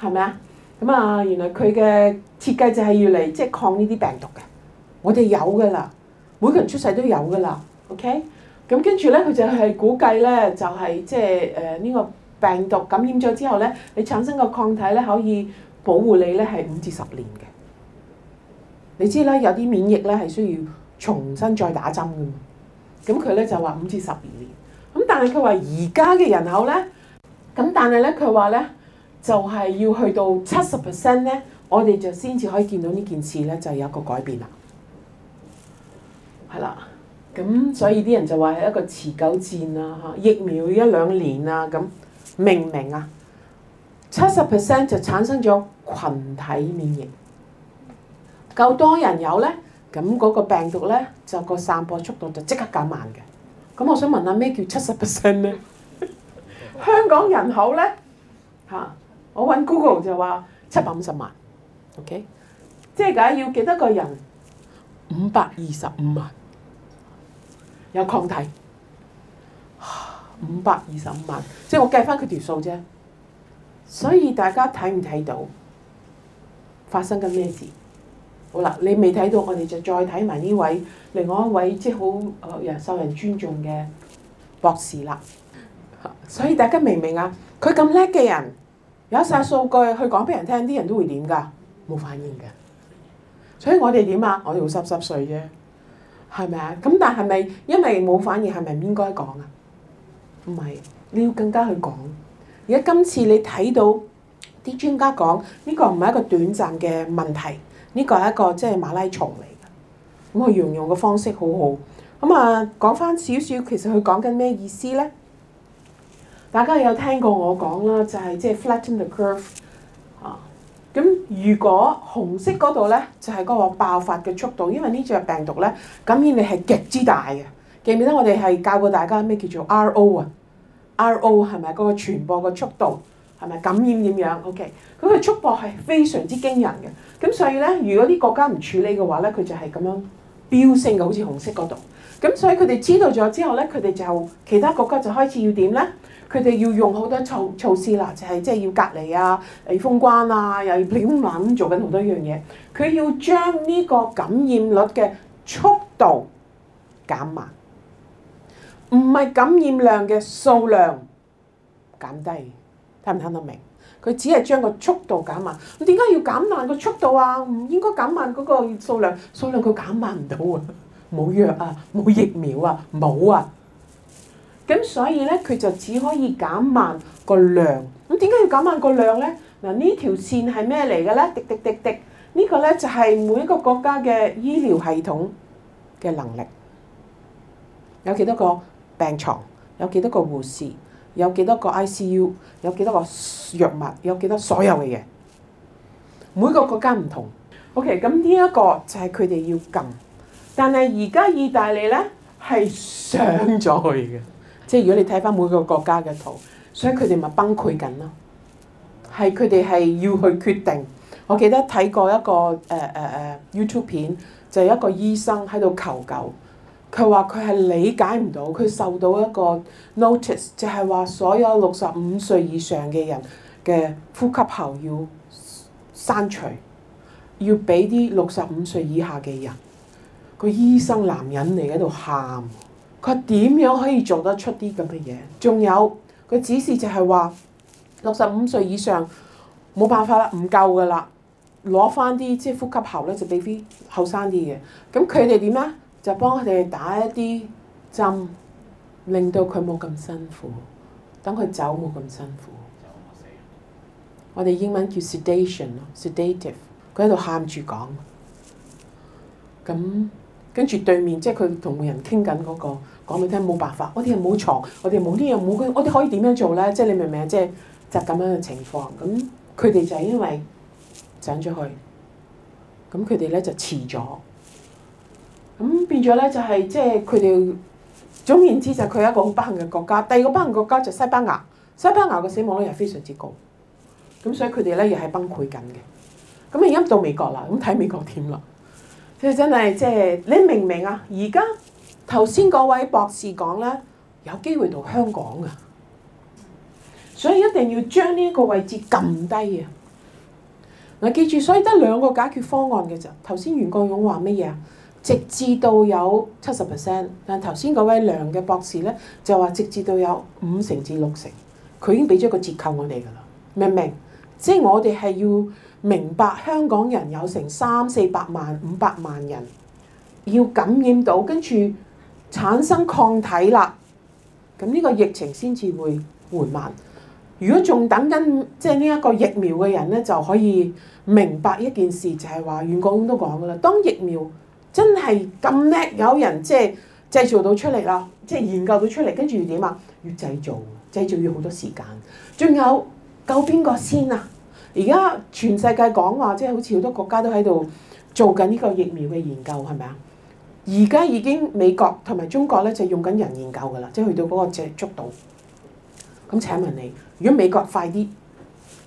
係咪啊？咁啊，原來佢嘅設計就係要嚟即係抗呢啲病毒嘅。我哋有㗎啦，每個人出世都有㗎啦。OK，咁跟住咧，佢就係估計咧，就係即係誒呢個病毒感染咗之後咧，你產生個抗體咧可以，保護你咧係五至十年嘅，你知啦，有啲免疫咧係需要重新再打針嘅。咁佢咧就話五至十二年。咁但係佢話而家嘅人口咧，咁但係咧佢話咧就係要去到七十 percent 咧，我哋就先至可以見到呢件事咧就有一個改變啦。係啦，咁所以啲人就話係一個持久戰啊，疫苗一兩年啊，咁明唔明啊？七十 percent 就產生咗群體免疫，夠多人有咧，咁嗰個病毒咧就個散播速度就即刻減慢嘅。咁我想問下咩叫七十 percent 咧？呢 香港人口咧嚇，我揾 Google 就話七百五十萬，OK，即係講要幾多個人？五百二十五萬有抗體，五百二十五萬，即係我計翻佢條數啫。所以大家睇唔睇到發生緊咩事？好啦，你未睇到，我哋就再睇埋呢位另外一位即係好誒人受人尊重嘅博士啦。所以大家明唔明啊？佢咁叻嘅人，有晒曬數據去佢講俾人聽，啲人都會點噶？冇反應噶。所以我哋點啊？我哋好濕濕碎啫，係咪啊？咁但係咪因為冇反應係咪唔應該講啊？唔係，你要更加去講。而家今次你睇到啲專家講呢個唔係一個短暫嘅問題，呢個係一個即係馬拉松嚟嘅。咁佢形容嘅方式好好。咁啊，講翻少少，其實佢講緊咩意思咧？大家有聽過我講啦，就係即係 flatten the curve 啊。咁如果紅色嗰度咧，就係嗰個爆發嘅速度，因為呢隻病毒咧，感染力係極之大嘅。記唔記得我哋係教過大家咩叫做 R.O. 啊？R.O. 係咪個傳播個速度？okay。個速度係咪感染點樣？OK，佢個速度係非常之驚人嘅。咁所以咧，如果啲國家唔處理嘅話咧，佢就係咁樣飆升嘅，好似紅色嗰度。咁所以佢哋知道咗之後咧，佢哋就其他國家就開始要點咧？佢哋要用好多措措施啦，就係即係要隔離啊、封關啊，又要封冷，做緊好多一樣嘢。佢要將呢個感染率嘅速度減慢。唔係感染量嘅數量減低，聽唔聽得明？佢只係將個速度減慢。點解要減慢個速度啊？唔應該減慢嗰個數量，數量佢減慢唔到啊！冇藥啊，冇疫苗啊，冇啊。咁所以咧，佢就只可以減慢個量。咁點解要減慢個量咧？嗱，呢條線係咩嚟嘅咧？滴滴滴滴，呢個咧就係每一個國家嘅醫療系統嘅能力。有幾多個？病床有幾多個護士，有幾多個 ICU，有幾多個藥物，有幾多所有嘅嘢。每個國家唔同，OK，咁呢一個就係佢哋要撳。但係而家意大利咧係上咗去嘅， 即係如果你睇翻每個國家嘅圖，所以佢哋咪崩潰緊咯。係佢哋係要去決定。我記得睇過一個誒誒誒 YouTube 片，就係、是、一個醫生喺度求救。佢話佢係理解唔到，佢受到一個 notice，就係話所有六十五歲以上嘅人嘅呼吸喉要刪除，要俾啲六十五歲以下嘅人。個醫生男人嚟喺度喊，佢點樣可以做得出啲咁嘅嘢？仲有佢指示就係話六十五歲以上冇辦法啦，唔夠噶啦，攞翻啲即係呼吸喉咧，就俾啲後生啲嘅。咁佢哋點咧？就幫佢哋打一啲針，令到佢冇咁辛苦，等佢走冇咁辛苦。我哋英文叫 sedation 咯，sedative。佢喺度喊住講，咁跟住對面即係佢同人傾緊嗰個，講俾聽冇辦法，我哋又冇床，我哋冇啲嘢冇，我哋可以點樣做咧？即係你明唔明？即係就咁樣嘅情況。咁佢哋就係因為整咗去，咁佢哋咧就遲咗。咁變咗咧就係即係佢哋總言之就佢係一個好不幸嘅國家。第二個不幸國家就西班牙，西班牙嘅死亡率又非常之高。咁所以佢哋咧又係崩潰緊嘅。咁而家到美國啦，咁睇美國點啦？即係真係即係你明唔明啊？而家頭先嗰位博士講咧，有機會到香港啊！所以一定要將呢一個位置撳低啊！嗱，記住，所以得兩個解決方案嘅啫。頭先袁國勇話乜嘢啊？直至到有七十 percent，但頭先嗰位梁嘅博士咧就話，直至到有五成至六成，佢已經俾咗一個折扣我哋㗎啦，明唔明？即係我哋係要明白香港人有成三四百萬、五百萬人要感染到，跟住產生抗體啦，咁呢個疫情先至會緩慢。如果仲等緊即係呢一個疫苗嘅人咧，就可以明白一件事，就係話袁國勇都講㗎啦，當疫苗真係咁叻，有人即係製造到出嚟咯，即係研究到出嚟，跟住點啊？要製造，製造要好多時間。仲有救邊個先啊？而家全世界講話，即係好似好多國家都喺度做緊呢個疫苗嘅研究，係咪啊？而家已經美國同埋中國咧就用緊人研究㗎啦，即係去到嗰個即係捉到。咁請問你，如果美國快啲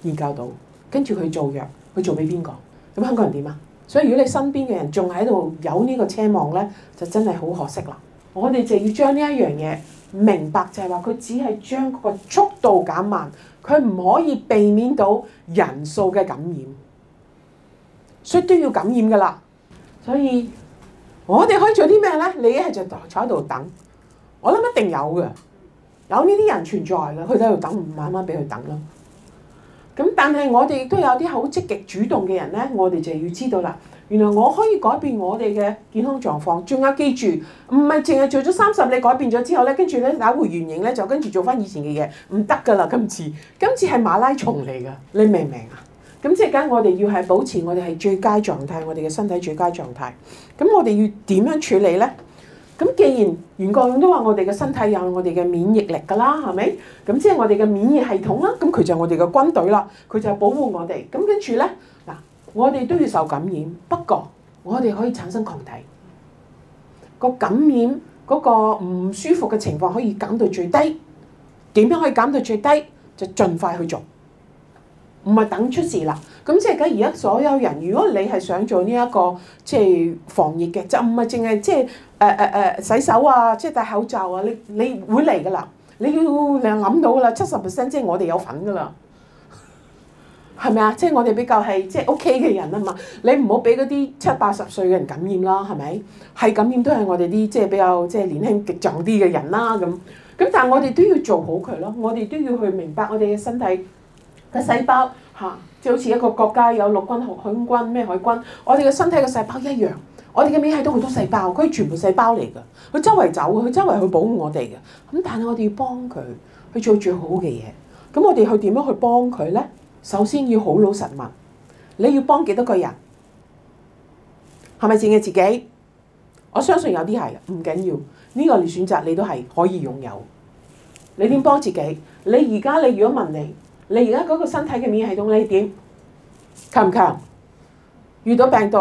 研究到，跟住佢做藥，佢做俾邊個？咁香港人點啊？所以如果你身邊嘅人仲喺度有這個車呢個奢望咧，就真係好可惜啦。我哋就要將呢一樣嘢明白，就係話佢只係將個速度減慢，佢唔可以避免到人數嘅感染，所以都要感染噶啦。所以我哋可以做啲咩咧？你一係就坐喺度等，我諗一定有嘅，有呢啲人存在嘅，佢喺度等，慢慢俾佢等咯。咁但係我哋都有啲好積極主動嘅人咧，我哋就要知道啦。原來我可以改變我哋嘅健康狀況。仲要記住，唔係淨係做咗三十你改變咗之後咧，跟住咧打回原形咧，就跟住做返以前嘅嘢，唔得噶啦！今次，今次係馬拉松嚟噶，你明唔明啊？咁即係我哋要係保持我哋係最佳狀態，我哋嘅身體最佳狀態。咁我哋要點樣處理咧？咁既然袁國勇都話我哋嘅身體有我哋嘅免疫力㗎啦，係咪？咁即係我哋嘅免疫系統啦，咁佢就係我哋嘅軍隊啦，佢就係保護我哋。咁跟住咧，嗱，我哋都要受感染，不過我哋可以產生抗體，個感染嗰個唔舒服嘅情況可以減到最低。點樣可以減到最低？就盡快去做，唔係等出事啦。咁即係而家所有人，如果你係想做呢一個即係防疫嘅針，就唔係淨係即係誒誒誒洗手啊，即係戴口罩啊，你你會嚟噶啦，你要諗到噶啦，七十 percent 即係我哋有份噶啦，係咪啊？即係我哋比較係即係 OK 嘅人啊嘛，你唔好俾嗰啲七八十歲嘅人感染啦，係咪？係感染都係我哋啲即係比較即係年輕極壯啲嘅人啦，咁咁但係我哋都要做好佢咯，我哋都要去明白我哋嘅身體個細胞嚇。嗯就好似一個國家有陸軍、海海軍、咩海軍，我哋嘅身體嘅細胞一樣，我哋嘅面係都好多細胞，佢係全部細胞嚟㗎。佢周圍走，佢周圍去保護我哋嘅。咁但係我哋要幫佢去做最好嘅嘢。咁我哋去點樣去幫佢咧？首先要好老實問，你要幫幾多個人？係咪淨係自己？我相信有啲係，唔緊要。呢個你選擇，你都係可以擁有。你點幫自己？你而家你如果問你？你而家嗰個身體嘅免疫系統你點強唔強？遇到病毒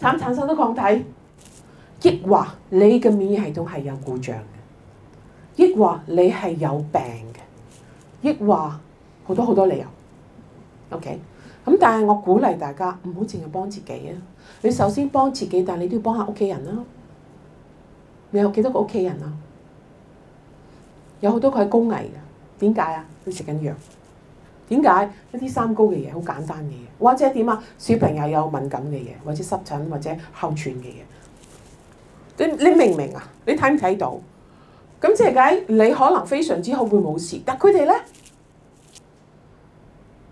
產唔產生抗體，抑或你嘅免疫系統係有故障嘅？抑或你係有病嘅？抑或好多好多理由？OK，咁但係我鼓勵大家唔好淨係幫自己啊！你首先幫自己，但係你都要幫下屋企人啦。你有幾多個屋企人啊？有好多佢係高危嘅，點解啊？佢食緊藥。點解一啲三高嘅嘢好簡單嘅嘢，或者點啊？小朋友有敏感嘅嘢，或者濕疹，或者哮喘嘅嘢。你你明唔明啊？你睇唔睇到？咁即係解你可能非常之好會冇事，但佢哋咧，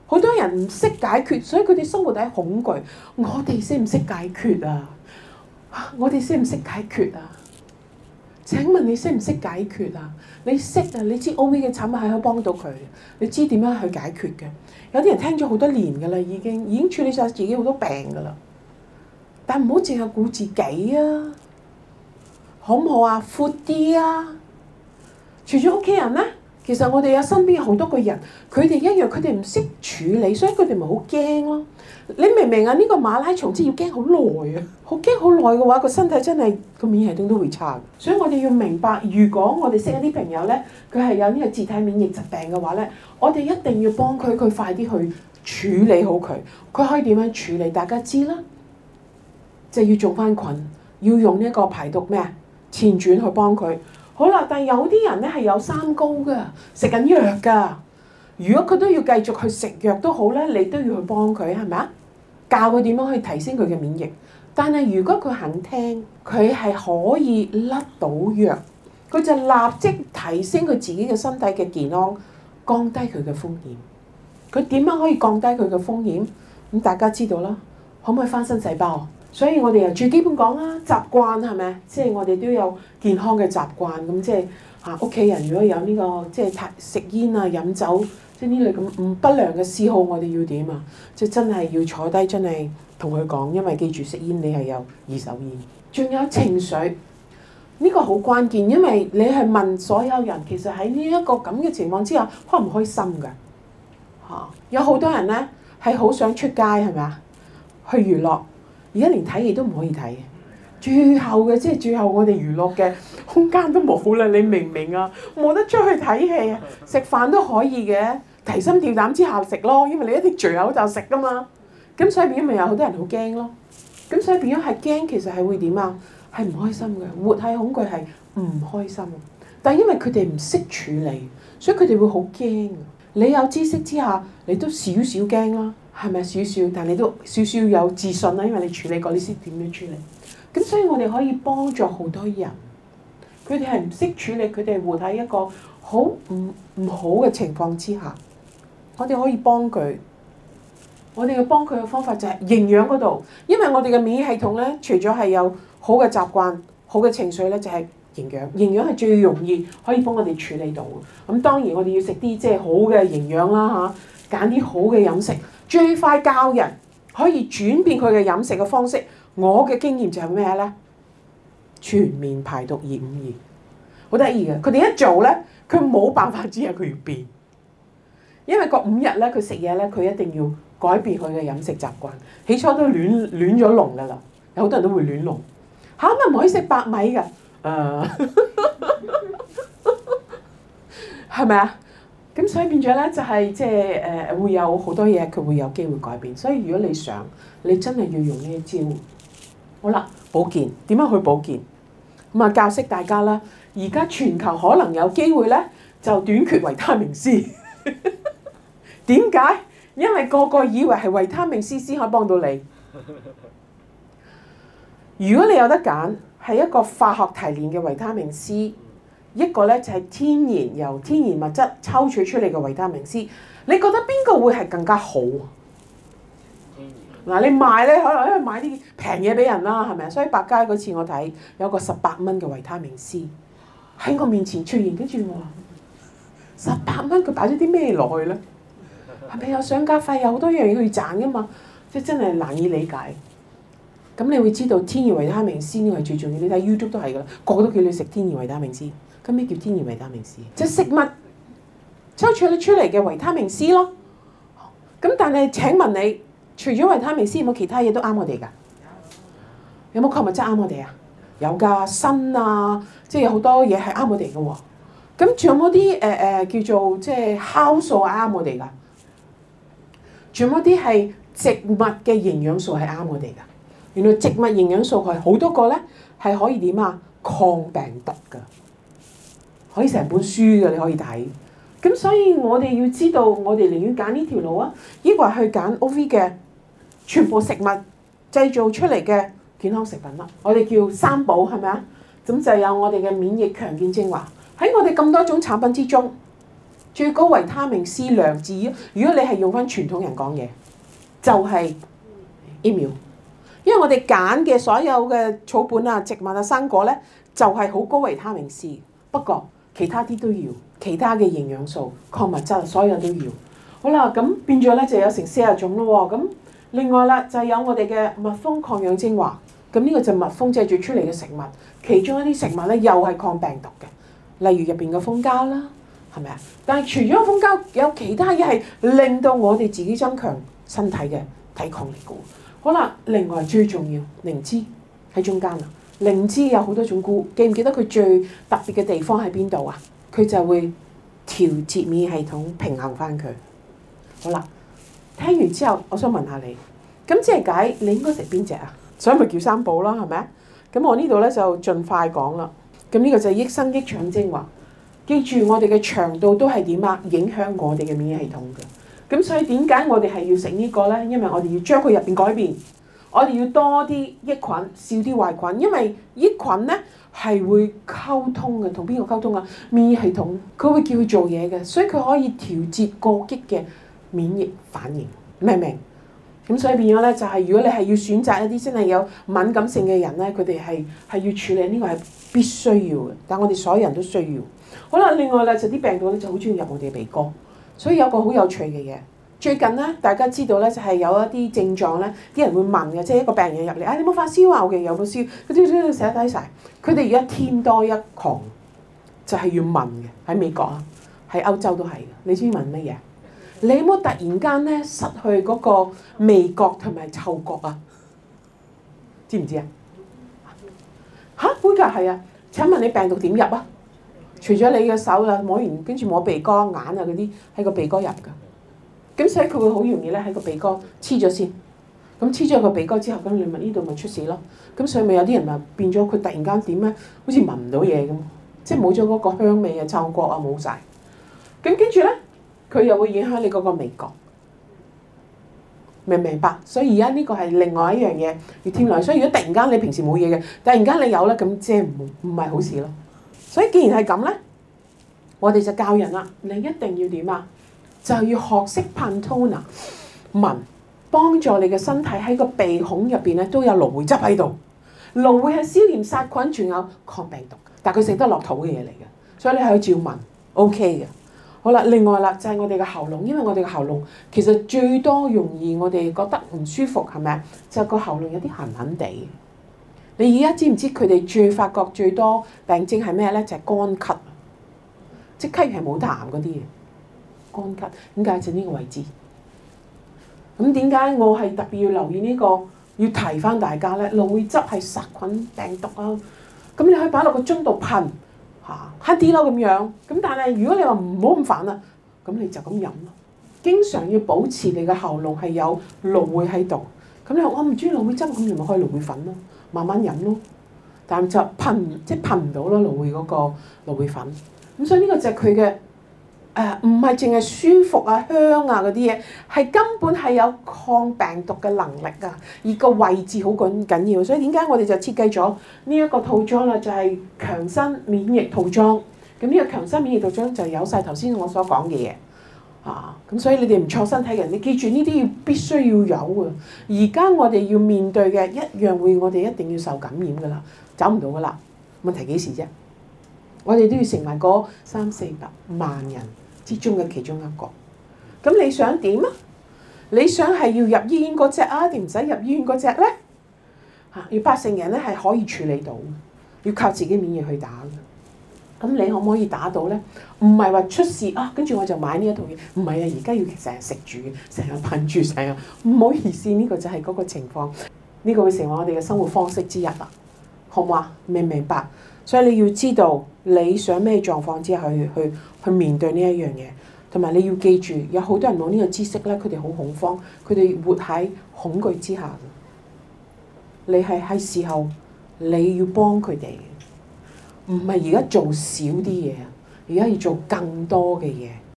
好多人唔識解決，所以佢哋生活底恐懼。我哋識唔識解決啊？我哋識唔識解決啊？請問你識唔識解決啊？你識啊？你知 OV 嘅產品係可以幫到佢嘅？你知點樣去解決嘅？有啲人聽咗好多年㗎啦，已經已經處理晒自己好多病㗎啦。但唔好淨係顧自己啊，好唔好啊？闊啲啊！除咗屋企人咧，其實我哋有身邊好多個人，佢哋一樣，佢哋唔識處理，所以佢哋咪好驚咯。你明唔明啊？呢個馬拉松真係要驚好耐啊！好驚好耐嘅話，個身體真係個免疫系統都會差。所以我哋要明白，如果我哋識一啲朋友咧，佢係有呢個自體免疫疾病嘅話咧，我哋一定要幫佢，佢快啲去處理好佢。佢可以點樣處理？大家知啦，就係要做翻菌，要用呢個排毒咩啊？前轉去幫佢。好啦，但係有啲人咧係有三高噶，食緊藥噶。如果佢都要繼續去食藥都好咧，你都要去幫佢係咪啊？教佢點樣去提升佢嘅免疫。但係如果佢肯聽，佢係可以甩到藥，佢就立即提升佢自己嘅身體嘅健康，降低佢嘅風險。佢點樣可以降低佢嘅風險？咁大家知道啦。可唔可以翻身細胞？所以我哋又最基本講啦，習慣係咪？即係、就是、我哋都有健康嘅習慣咁即係。嚇！屋企、啊、人如果有呢、這個即係食煙啊、飲酒，即係呢類咁唔不良嘅嗜好，我哋要點啊？即真係要坐低出嚟同佢講，因為記住食煙你係有二手煙。仲有情緒，呢、這個好關鍵，因為你係問所有人，其實喺呢一個咁嘅情況之下，開唔開心噶？嚇、啊！有好多人呢，係好想出街，係咪啊？去娛樂，而家連睇戲都唔可以睇。最後嘅即係最後，我哋娛樂嘅空間都冇啦，你明唔明啊？冇得出去睇戲啊，食飯都可以嘅，提心吊膽之下食咯，因為你一跌仲口就食噶嘛。咁所以變咗咪有好多人好驚咯。咁所以變咗係驚，其實係會點啊？係唔開心嘅，活喺恐懼係唔開心。但係因為佢哋唔識處理，所以佢哋會好驚。你有知識之下，你都少少驚啦，係咪少少？但係你都少少有自信啦，因為你處理過，你先點樣處理？咁所以，我哋可以幫助好多人。佢哋係唔識處理，佢哋活喺一個好唔唔好嘅情況之下。我哋可以幫佢。我哋要幫佢嘅方法就係營養嗰度，因為我哋嘅免疫系統咧，除咗係有好嘅習慣、好嘅情緒咧，就係營養。營養係最容易可以幫我哋處理到。咁當然，我哋要食啲即係好嘅營養啦，嚇，揀啲好嘅飲食。最快教人可以轉變佢嘅飲食嘅方式。我嘅經驗就係咩咧？全面排毒二五二，好得意嘅。佢哋一做咧，佢冇辦法知係佢要變，因為個五日咧，佢食嘢咧，佢一定要改變佢嘅飲食習慣。起初都亂亂咗龍噶啦，有好多人都會亂龍吓，咪唔可以食白米㗎？誒，係咪啊？咁所以變咗咧，就係即係誒會有好多嘢，佢會有機會改變。所以如果你想，你真係要用呢招。好啦，保健，點樣去保健？咁、嗯、啊，教識大家啦。而家全球可能有機會咧，就短缺維他命 C。點 解？因為個個以為係維他命 C 先可以幫到你。如果你有得揀，係一個化學提煉嘅維他命 C，一個咧就係、是、天然由天然物質抽取出嚟嘅維他命 C，你覺得邊個會係更加好？嗱，你賣咧，可能因為買啲平嘢俾人啦，係咪啊？所以百佳嗰次我睇有個十八蚊嘅維他命 C 喺我面前出現，跟住我話十八蚊佢擺咗啲咩落去咧？係咪有上架費？有好多樣嘢要去賺噶嘛？即係真係難以理解。咁你會知道天然維他命 C 呢個係最重要，你睇 YouTube 都係噶啦，個個都叫你食天然維他命 C。咁咩叫天然維他命 C？即係食物抽取咗出嚟嘅維他命 C 咯。咁但係請問你？除咗維他命 C，有冇其他嘢都啱我哋噶？有冇礦物質啱我哋啊？有噶，新啊，即係有好多嘢係啱我哋嘅喎。咁仲有冇啲誒誒叫做即係酵素啱我哋噶？仲有冇啲係植物嘅營養素係啱我哋噶？原來植物營養素係好多個咧，係可以點啊？抗病毒嘅，可以成本書嘅，你可以睇。咁所以我哋要知道，我哋寧願揀呢條路啊，抑或去揀 OV 嘅？全部食物製造出嚟嘅健康食品咯，我哋叫三寶係咪啊？咁就有我哋嘅免疫強健精華，喺我哋咁多種產品之中，最高維他命 C 良子，如果你係用翻傳統人講嘢，就係、是、疫苗，因為我哋揀嘅所有嘅草本啊、植物啊、生果咧，就係、是、好高維他命 C。不過其他啲都要，其他嘅營養素、礦物質所有都要。好啦，咁變咗咧就有成四十種咯喎，咁。另外啦，就有我哋嘅蜜蜂抗氧精華，咁呢個就蜜蜂製造出嚟嘅食物，其中一啲食物咧又係抗病毒嘅，例如入邊嘅蜂膠啦，係咪啊？但係除咗蜂膠，有其他嘢係令到我哋自己增強身體嘅抵抗力嘅喎。好啦，另外最重要，靈芝喺中間啊。靈芝有好多種菇，記唔記得佢最特別嘅地方喺邊度啊？佢就會調節免疫系統，平衡翻佢。好啦。聽完之後，我想問下你，咁即係解你應該食邊隻啊？所以咪叫三寶啦，係咪啊？咁我呢度咧就盡快講啦。咁呢個就係益生益腸精華。記住，我哋嘅腸道都係點啊？影響我哋嘅免疫系統嘅。咁所以點解我哋係要食呢個咧？因為我哋要將佢入邊改變，我哋要多啲益菌，少啲壞菌。因為益菌咧係會溝通嘅，同邊個溝通啊？免疫系統佢會叫佢做嘢嘅，所以佢可以調節過激嘅。免疫反應明唔明？咁所以變咗咧，就係如果你係要選擇一啲真係有敏感性嘅人咧，佢哋係係要處理呢個係必須要嘅，但係我哋所有人都需要。好啦，另外咧就啲病毒咧就好中意入我哋鼻哥，所以有個好有趣嘅嘢。最近咧大家知道咧就係有一啲症狀咧，啲人會問嘅，即係一個病人入嚟，啊你冇發燒啊，我嘅有發燒，佢寫低曬。佢哋而家天多一狂就係要問嘅，喺美國啊，喺歐洲都係。你知問乜嘢？你有冇突然間咧失去嗰個味覺同埋嗅覺啊？知唔知啊？嚇，咁啊係啊！請問你病毒點入啊？除咗你嘅手啦，摸完跟住摸鼻哥、眼啊嗰啲，喺個鼻哥入㗎。咁所以佢會好容易咧喺個鼻哥黐咗先。咁黐咗個鼻哥之後，咁你咪呢度咪出事咯？咁所以咪有啲人咪變咗，佢突然間點咧？好似聞唔到嘢咁，即係冇咗嗰個香味啊、嗅覺啊冇晒。咁跟住咧？佢又會影響你嗰個味覺，明唔明白？所以而家呢個係另外一樣嘢要添落，所以如果突然間你平時冇嘢嘅，突然間你有咧，咁即係唔唔係好事咯。所以既然係咁咧，我哋就教人啦，你一定要點啊？就要學識噴托納聞，幫助你嘅身體喺個鼻孔入邊咧都有蘆薈汁喺度。蘆薈係消炎殺菌仲有抗病毒，但係佢食得落肚嘅嘢嚟嘅，所以你係要照聞，OK 嘅。好啦，另外啦，就係我哋嘅喉嚨，因為我哋嘅喉嚨其實最多容易我哋覺得唔舒服，係咪？就係個喉嚨有啲痕痕地。你而家知唔知佢哋最發覺最多病症係咩咧？就係乾咳，即咳譬如係冇痰嗰啲嘅乾咳。點解就呢個位置？咁點解我係特別要留意呢個？要提翻大家咧，蘆薈汁係殺菌病毒啊！咁你可以擺落個樽度噴。嚇、啊，黑啲咯咁樣，咁但係如果你話唔好咁煩啦，咁你就咁飲咯。經常要保持你嘅喉嚨係有蘆薈喺度，咁你話我唔中意蘆薈汁，咁你咪開蘆薈粉咯，慢慢飲咯。但就噴即係噴唔到咯蘆薈嗰個蘆薈粉，咁所以呢個就係佢嘅。誒唔係淨係舒服啊、香啊嗰啲嘢，係根本係有抗病毒嘅能力啊！而這個位置好緊要，所以點解我哋就設計咗呢一個套裝啦、啊？就係強身免疫套裝。咁呢個強身免疫套裝就有晒頭先我所講嘅嘢啊！咁所以你哋唔錯身體嘅，人，你記住呢啲要必須要有啊！而家我哋要面對嘅一樣會，我哋一定要受感染噶啦，走唔到噶啦。問題幾時啫？我哋都要成為嗰三四百萬人。之中嘅其中一個，咁你想點啊？你想係要入醫院嗰隻啊？定唔使入醫院嗰隻咧？嚇，要八成人咧係可以處理到，要靠自己的免疫去打嘅。咁你可唔可以打到咧？唔係話出事啊，跟住我就買呢一套嘢。唔係啊，而家要成日食住，成日噴住，成日唔好意思。呢個就係嗰個情況，呢個會成為我哋嘅生活方式之一啦。好唔好啊？明唔明白？所以你要知道你想咩狀況之下去去去面對呢一樣嘢，同埋你要記住，有好多人冇呢個知識咧，佢哋好恐慌，佢哋活喺恐懼之下。你係係時候你要幫佢哋，唔係而家做少啲嘢，而家要做更多嘅嘢。